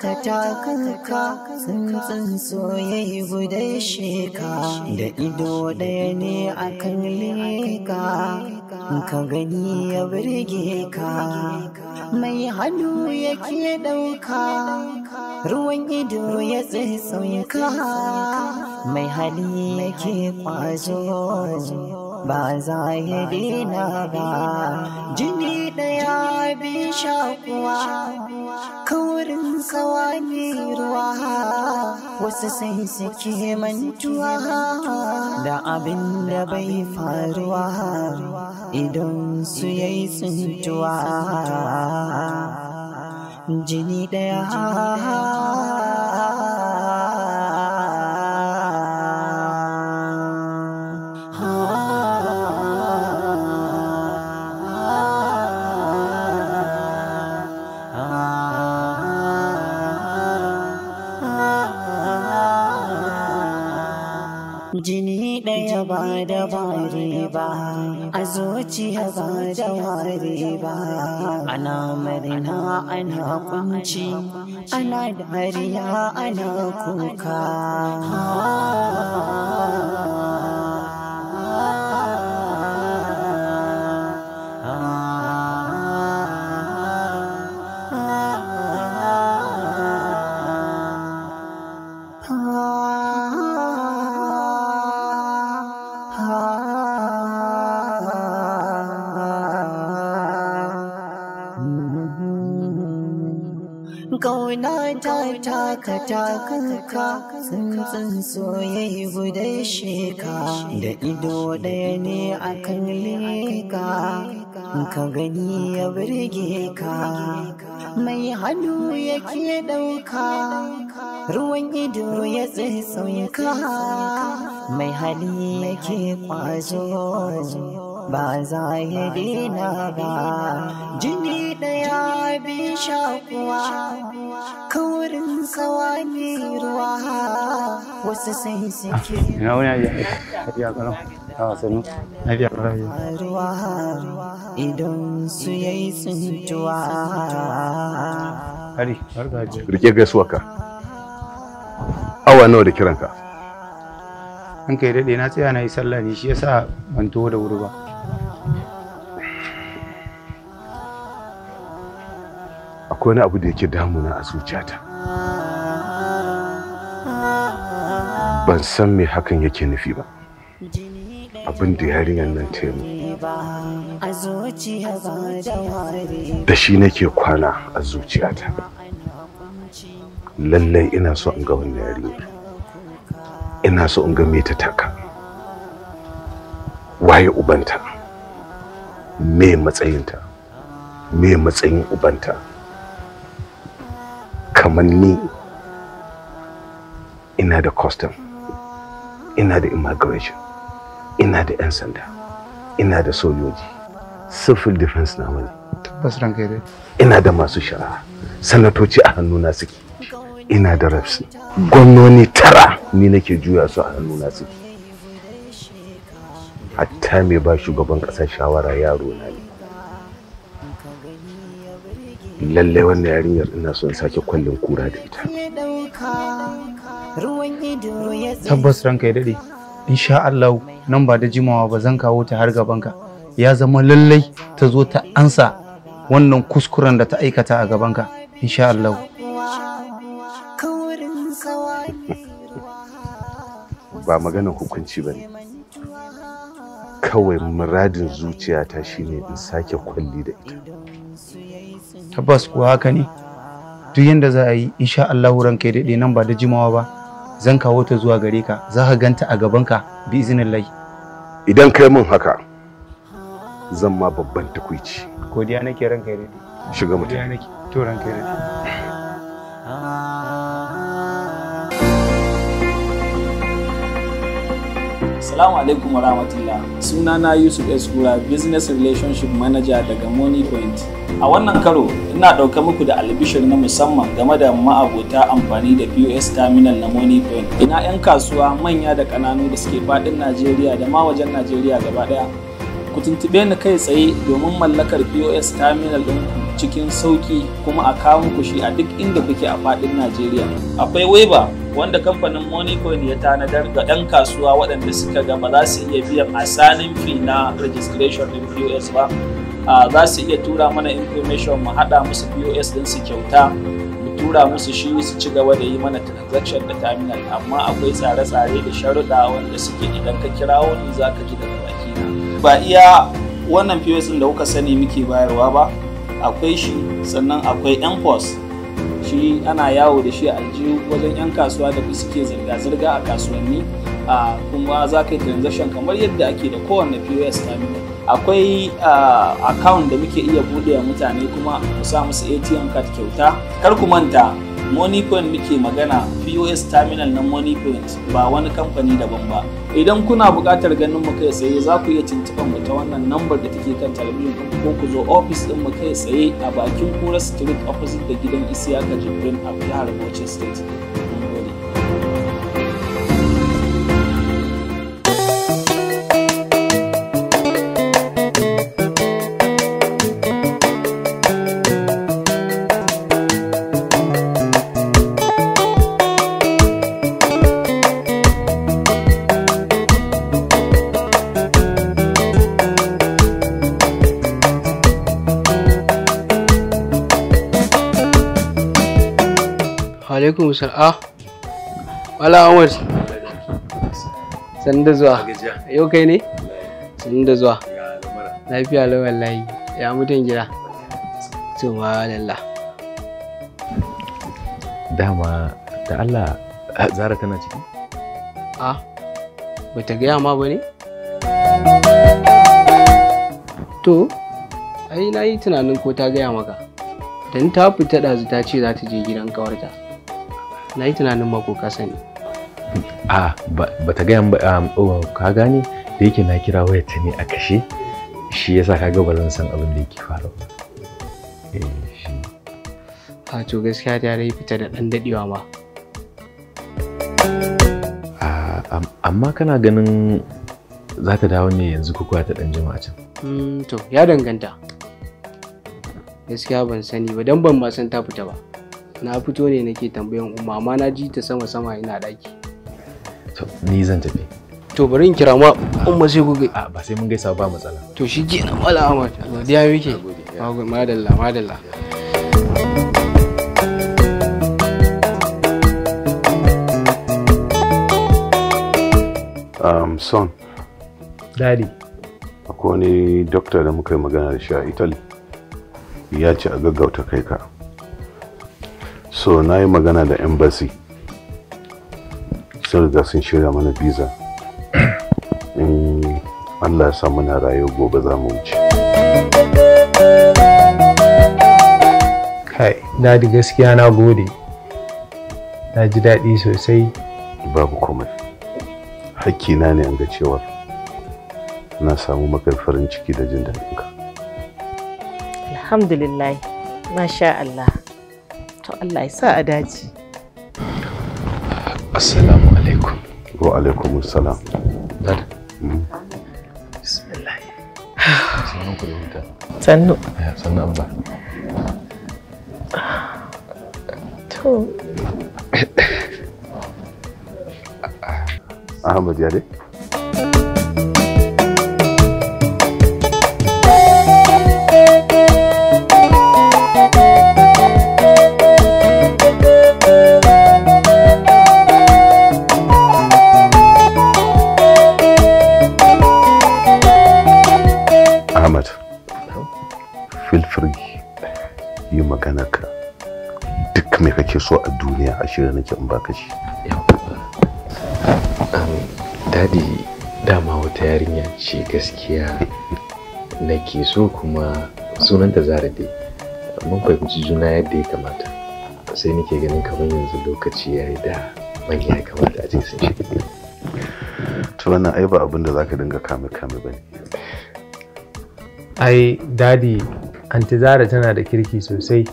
S3: taka ka tsuntsun soyayya gudai sheka da ido ɗaya ne a kan leka ka gani ya birge ka mai hannu yake ɗauka ruwan ido ya sauka. mai hali yake kwazo ba za ya dina ba jini ɗaya bi shakuwa kaurin kawa ne ruwa wasu sai suke mantuwa da abin da bai faruwa idan su yi tsuntuwa jini daya da bare ba a zuciya ba da bare ba ana marina ana kunci ana dariya ana kuka taka ka tsuntsun soyayi guda sheka da ido ɗaya ne akan leka ka gani ya birge ka mai hannu yake ɗauka ruwan ido ya ka. mai hali yake kwazo ba
S10: hedi na ba
S3: jini ya bi shakuwa kawarin kawa ne ruwa wasu sai ke
S6: ina wani ya a na biya
S3: ruwa idan su
S15: rike gaisuwa ka awa nawa da kiranka
S6: an kai daɗe na tsaya na yi sallah ne shi yasa ban tuwo da wuri ba
S15: akwai wani abu da yake damuna a zuciyata ban san me hakan yake nufi ba abin da yarinyar nan ta da shi nake kwana a zuciyata lallai ina so in ga wannan yarinyar ina so in ga me ta taka waye ubanta me matsayinta me matsayin ubanta kamar ni ina da custom ina da immigration ina da 'yan sanda ina da sojoji civil defense na wani
S2: tabbas dai
S15: ina da masu shari'a sanatoci a hannuna suke ina da rafsi gwamnoni tara ni nake juya su a hannuna suke hatta mai ba shugaban ƙasa shawara yaro na ne lallai wannan yarinyar ina son sake kwallon kura da ita
S6: tabbas ranka ya daɗe insha Allah nan ba da jimawa ba zan kawo ta har gabanka ya zama lallai
S12: ta zo ta ansa wannan kuskuren da ta aikata a gabanka insha Allah
S15: ba maganar hukunci ba ne kawai muradin zuciyata shine in sake kwalli da ita
S12: tabbas kuwa haka ne duk yanda za a yi insha Allah ranka kai daɗe nan ba da jimawa ba zan kawo ta zuwa gare ka za ka
S15: ganta a gabanka bi izinin idan kai mun haka zan ma babban takwici godiya
S6: nake ran kai daɗe shiga mutum godiya nake to ran kai daɗe ah,
S14: Assalamu alaikum wa rahmatullah. na Yusuf S. Business Relationship Manager daga Money Point. A wannan karo, ina ɗauka muku da albishir na musamman game da ma'abota amfani da POS Terminal na Money Point. Ina 'yan kasuwa manya da ƙananu da suke faɗin Najeriya da ma wajen Najeriya gaba ɗaya. Ku tuntuɓe ni kai tsaye domin mallakar POS Terminal ɗin cikin sauƙi kuma a kawo muku shi a duk inda kuke a faɗin Najeriya. Akwai waiba wanda kamfanin Moniecoin ya tanadar ga 'yan kasuwa waɗanda suka gama za su iya biyan asalin fi na registration ɗin POS ba. Za su iya tura mana information mu haɗa musu POS ɗin su kyauta mu tura musu shi su ci gaba da yi mana transaction da terminal amma akwai tsare-tsare da sharuɗa wanda suke idan ka kirawo ni za ka ji daga baki Ba iya wannan POS ɗin da kuka sani muke bayarwa ba akwai shi sannan akwai pos. shi ana yawo da shi a aljihu wajen 'yan kasuwa da suke zirga-zirga a kasuwanni a kuma za ka yi transaction kamar yadda ake da kowanne pos terminal akwai account da muke iya buɗe mutane kuma ku sa musu atm card kyauta kar ku manta money point muke magana pos terminal na money point ba wani kamfani daban ba idan kuna buƙatar ganin mu kai tsaye za ku iya tuntuɓar mu ta wannan lambar da take kan talabijin ko ku zo ofis ɗin mu kai tsaye a bakin kura street opposite da gidan isiyaka jibrin a jihar bauchi state
S2: alaikum salam wala ah, ahmad sanda zuwa yau kai ne sanda zuwa lafiya lau wallahi ya mutum gida to malalla
S11: dama da Allah zara tana ciki
S2: a ah, bata gaya ma ba ne to ai na yi tunanin ko ta gaya maka don ta fita ɗazu ta ce za ta je gidan kawarta na yi tunanin mako ka sani
S11: a ba ta gaya ka gane da yake na kira wayar ta ne a kashe shi yasa ka ga bazan san abin da yake faru ba.
S2: Eh, to gaskiya ta dai fita da dan dadewa ma
S11: amma kana ganin za ta dawo ne yanzu kuka ta dan jima a can
S2: hmm, to ya danganta gaskiya ban sani ba dan ban ma san ta fita ba na fito ne nake tambayan umma amma na ji ta sama sama ina daki
S11: to ni zan tafi
S2: to bari in kira ma umma sai ku a ba sai mun gaisa ba matsala to shi ke na mala Ahmad godiya muke madalla madalla
S15: um son daddy akwai wani dokta da muka yi magana da shi a italy ya ce a gaggauta kai ka so na yi magana da embassy sun riga sun shirya mana visa in allah ya sa muna rayu gobe za mu wuce
S6: kai dadi gaskiya na gode na ji daɗi sosai
S15: babu komai hakkina ne an ga cewa na samu maka farin ciki da jin daɗinka
S7: alhamdulillah masha allah To Allah ya sa a dace.
S15: Assalamu alaikum. Wa alaikum assalam. Dad. Hmm? Bismillah. Sannu ku da
S10: wuta.
S11: Sannu. Sannu Abba.
S10: To.
S15: Ahmad ya dai? maganarka duk mai kake so a duniya a shirya nake in baka shi um, dadi dama wata yarinya ce gaskiya nake so
S11: kuma sunanta zara dai mun fahimci juna yadda ya kamata sai nake ganin kamar yanzu lokaci ya yi da
S15: manya ya kamata a ce sun shi to wannan ai ba abin da zaka dinga kame kame bane ai
S6: dadi Antizara tana da kirki sosai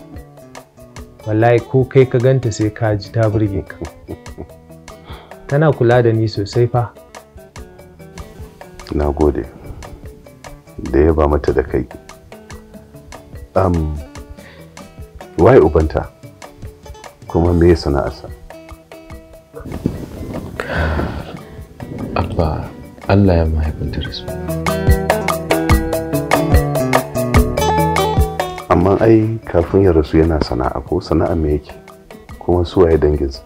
S6: wallahi ko kai ka ganta sai ka ji ta burge ka tana kula da ni sosai fa
S15: na gode da yaba mata da kai um, waye ubanta kuma me sana'arsa abba allah ya mahaifinta da su amma ai kafin ya rasu yana sana'a ko sana'a me yake kuma su waye danginsa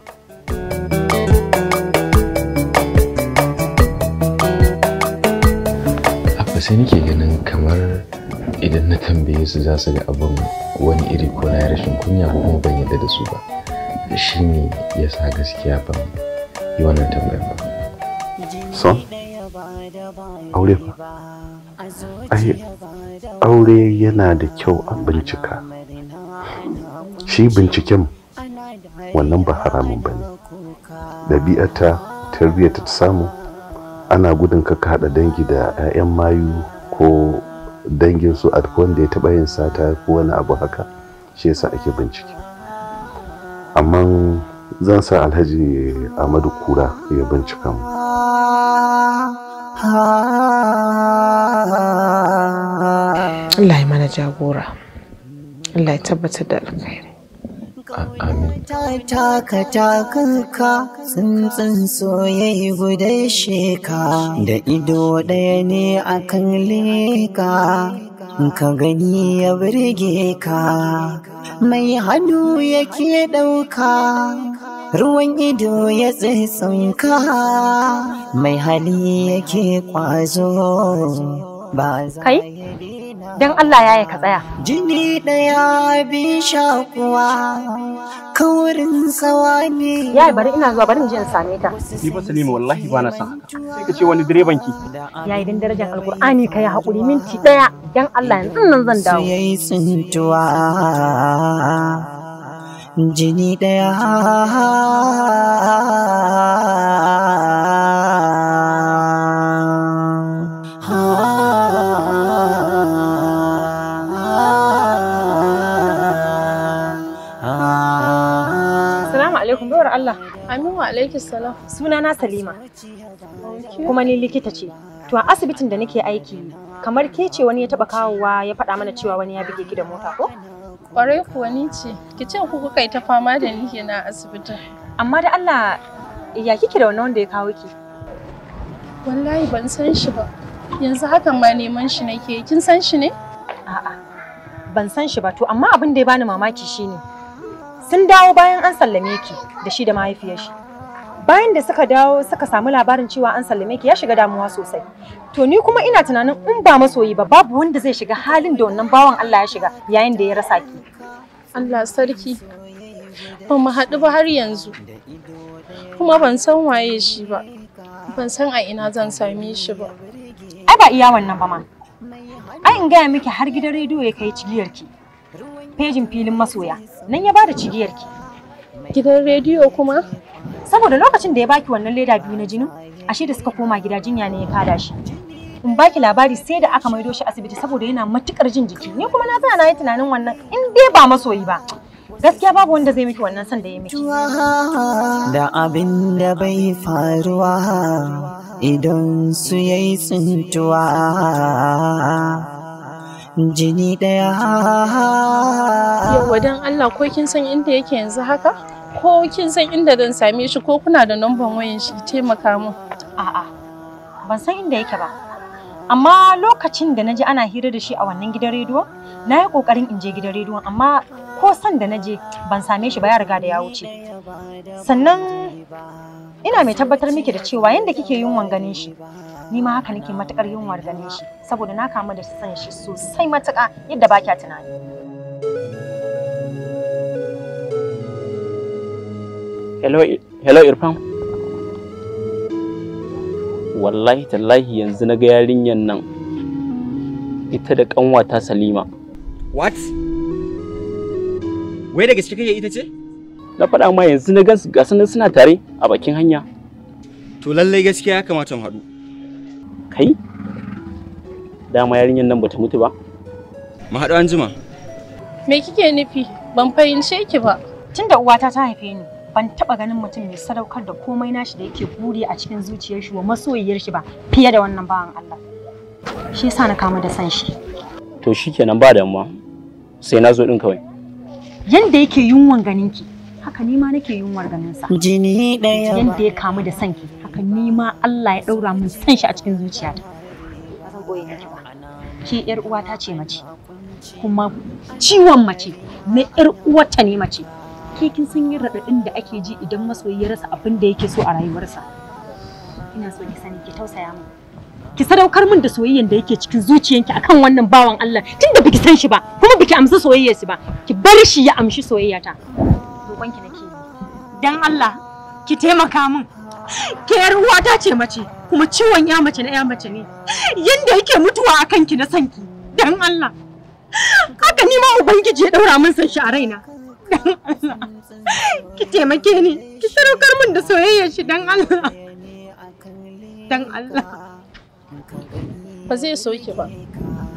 S11: abba sai nake ganin kamar idan na tambaye su za su ga abin wani iri ko na rashin kunya ko kuma ban yadda da su ba shi ne ya sa gaskiya ban yi wannan tambayar ba
S15: aure ba ai aure yana da kyau a bincika shi binciken wannan ba haramun ba ne ɗabi'ata tarbiyyata ta samu ana gudun ka haɗa dangi da 'ya'yan mayu ko dangin su a wanda ya taɓa yin sata ko wani abu haka shi yasa ake bincike amma zan sa alhaji amadu kura ya bincika mu
S7: Allah ya mana jagora. Allah ya tabbatar da alkhairi.
S10: Amin.
S3: sheka da ido ɗaya ne akan leka. ka gani ya birge ka mai hannu yake ɗauka ruwan ido ya tsitsinka mai hali yake kwazo ba kai don
S17: Allah ya yi ka tsaya jini daya bi shakuwa kawurin sawa ne yaya bari ina zuwa bari in je in same ta ni ba salima
S14: wallahi ba na san sai ka ce wani direban ki
S17: yayi dan darajar alkur'ani yi hakuri minti daya don Allah yanzu nan zan dawo
S3: yayi tsintuwa jini ɗaya
S17: alaikum Allah. Amin wa alaikis Suna na Salima. Kuma ni likita ce. To a asibitin da nake aiki kamar ke ce wani ya taba kawowa ya faɗa mana cewa wani ya bige ki da mota ko?
S4: Kwarai kuwa ni ce, ki ce ku kuka yi ta fama da ni kenan a asibiti.
S17: Amma da Allah ya kike da wannan
S4: wanda ya kawo ki?
S17: Wallahi ban san shi ba. Yanzu hakan ma neman shi nake. Kin san shi ne? A'a. Ban san shi ba to amma abin da ya bani mamaki shine sun dawo bayan an sallame ki da shi da mahaifiyar shi. bayan da suka dawo suka samu labarin cewa an sallame ki ya shiga damuwa sosai to ni kuma ina tunanin in ba masoyi ba babu wanda zai shiga halin da wannan bawan Allah ya shiga yayin da ya rasa ki Allah sarki
S4: ba mu haɗu ba har yanzu kuma ban san waye shi ba ban san
S17: a ina zan same shi ba ai ba iya wannan ba ma ai in gaya miki har gidan rediyo ya kai cigiyarki pejin filin masoya nan ya bada ki. Gidan rediyo kuma? Saboda lokacin da ya baki wannan leda biyu na jinin, ashe da suka koma gida jinya ne ya kada shi. In baki labari sai da aka maido shi asibiti saboda yana matukar jin jiki. Ni kuma na tsaya na yi tunanin wannan in dai ba masoyi ba. Gaskiya babu wanda zai miki wannan
S10: son da ya miki.
S3: Da abin da bai faruwa idan su yayi tsintuwa. jini daya.
S4: Yawwa don Allah ko kin san inda yake yanzu haka? ko kin san inda zan same shi ko kuna da numban wayan shi taimaka min a'a
S17: ban san inda yake ba amma lokacin da naje ana hira da shi a wannan gidan rediyon na yi kokarin in je gidan rediyo amma ko san da naje ban same shi ba ya riga da ya wuce sannan ina mai tabbatar miki da cewa yadda kike yunwan ganin shi ni ma haka nake matukar yin ganin shi saboda na kama da san shi sosai matuka yadda ba kya tunani
S14: Hello, hello Irfan. Wallahi tallahi yanzu na ga yarinyar nan ita da ta Salima.
S16: What? Wai da gaske kake ita ce?
S14: Na faɗa ma yanzu na gansu ga sanin suna tare a bakin hanya. To lallai gaskiya ya kamata mu haɗu. Kai? Dama yarinyan nan bata mutu ba? Mu haɗu an jima.
S17: Me kike nufi? Ban fahimce ki ba. Tunda uwata ta haife ni. ban taba ganin mutum mai sadaukar da komai nashi da yake buri a cikin zuciyar shi wa masoyiyar shi ba fiye da wannan bawan Allah shi yasa na kama da san shi to
S14: shikenan ba damuwa sai na zo din kawai
S17: yanda yake yunwan ganinki haka nima nake yunwar ganin sa jini daya yanda ya kamu da sanki haka nima Allah ya daura min san shi a cikin zuciyata Ki yar uwata ce mace kuma ciwon mace na yar uwata ne mace ke kin san yin raɗaɗin da ake ji idan masoyi ya rasa abin da yake so a rayuwarsa ina so ki sani ki tausaya mu ki sadaukar min da soyayyen da yake cikin zuciyanki akan wannan bawan Allah tunda biki san shi ba kuma biki amsa soyayyar shi ba ki bar shi ya amshi soyayyata roƙon ki nake dan Allah ki taimaka min ke ruwa uwata ce mace kuma ciwon ya mace na ya mace ne yanda yake mutuwa akan ki na san ki dan Allah haka ni ma ubangiji ya daura min san shi a raina Ki taimake ni, ki sadaukar min da soyayya shi dan Allah.
S4: Dan Allah. Ba zai so ba.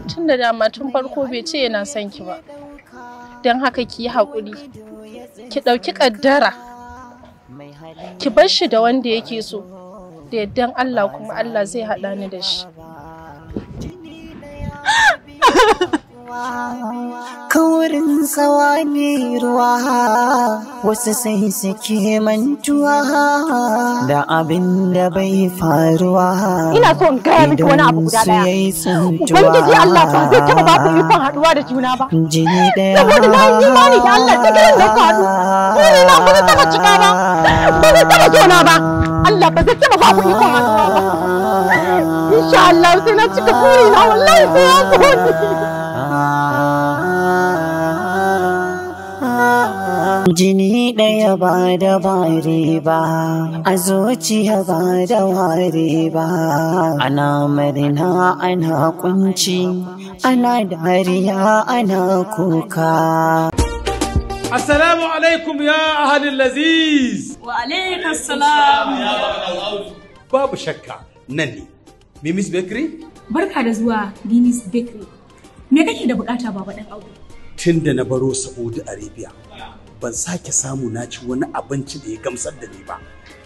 S4: Tun da dama tun farko bai ce yana son ki ba. Don haka ki yi haƙuri. Ki ɗauki ƙaddara. Ki bar shi da wanda yake so. Da yardan Allah kuma Allah zai haɗa ni da shi.
S3: kaurin tsawa ne ruwa wasu sai suke mantuwa da abin da bai faruwa ina so in gaya miki wani abu guda daya ubangiji Allah
S7: ba zai taba ba ku ikon
S17: haduwa da juna ba jini daya saboda na yi imani da Allah ta garin da ku haɗu dole na
S5: ba zai taba cika ba ba zai taba jona ba Allah ba zai taba ba ku ikon haduwa
S10: ba insha Allah
S5: sai na cika buri na wallahi sai ya so
S3: jini ɗaya ba da bari ba a zuciya ba da wari ba ana marina ana kunci ana dariya ana kuka
S16: assalamu alaikum
S14: ya ahalin
S12: laziz
S13: wa alaikun salam
S12: babu shakka nan ne mimis bakery
S13: barka da zuwa mimis bakery me kake da bukata baba dan audu
S12: tun da na baro saudi arabia ban sake samu na ci wani abinci da ya gamsar da ni ba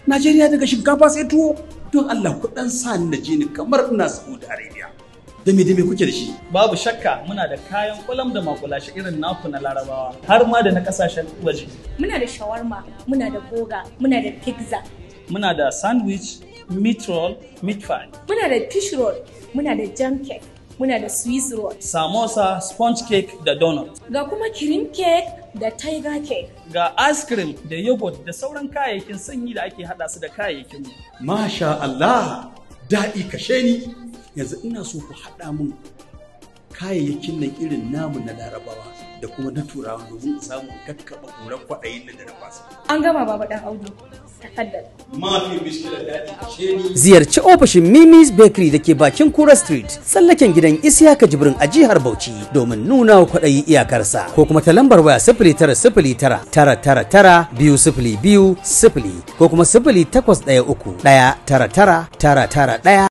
S13: najeriya daga shinkafa sai tuwo don allah ku dan
S14: sa ni na je ni kamar ina saudi arabia da me da me kuke da shi babu shakka muna da kayan kulam da makulashi irin naku na larabawa har ma da na kasashen waje
S13: muna da shawarma muna da boga muna da pizza
S14: muna da sandwich meat roll meat pie
S13: muna da fish roll muna da jam cake muna da swiss roll
S14: samosa sponge cake da donut
S13: ga kuma cream cake da tiger cake
S14: ga ice cream da yogurt da sauran kayayyakin sanyi da ake hada su da kayayyakin mu masha Allah
S12: daɗi kashe ni yanzu ina so ku haɗa mun kayayyakin nan irin namu na larabawa da kuma na turawa domin in samu kakkaɓa ƙurar kwaɗayin da na fasa.
S13: An gama baba baɗan audu.
S12: Ziyarci ofishin Mimi's Bakery da ke bakin Kura Street, tsallaken gidan Isiyaka Jibrin a jihar Bauchi domin nuna wa kwaɗayi iyakarsa ko kuma ta lambar waya sifili tara sifili tara tara tara tara biyu
S10: sifili biyu sifili ko kuma sifili takwas ɗaya uku ɗaya tara tara tara tara ɗaya.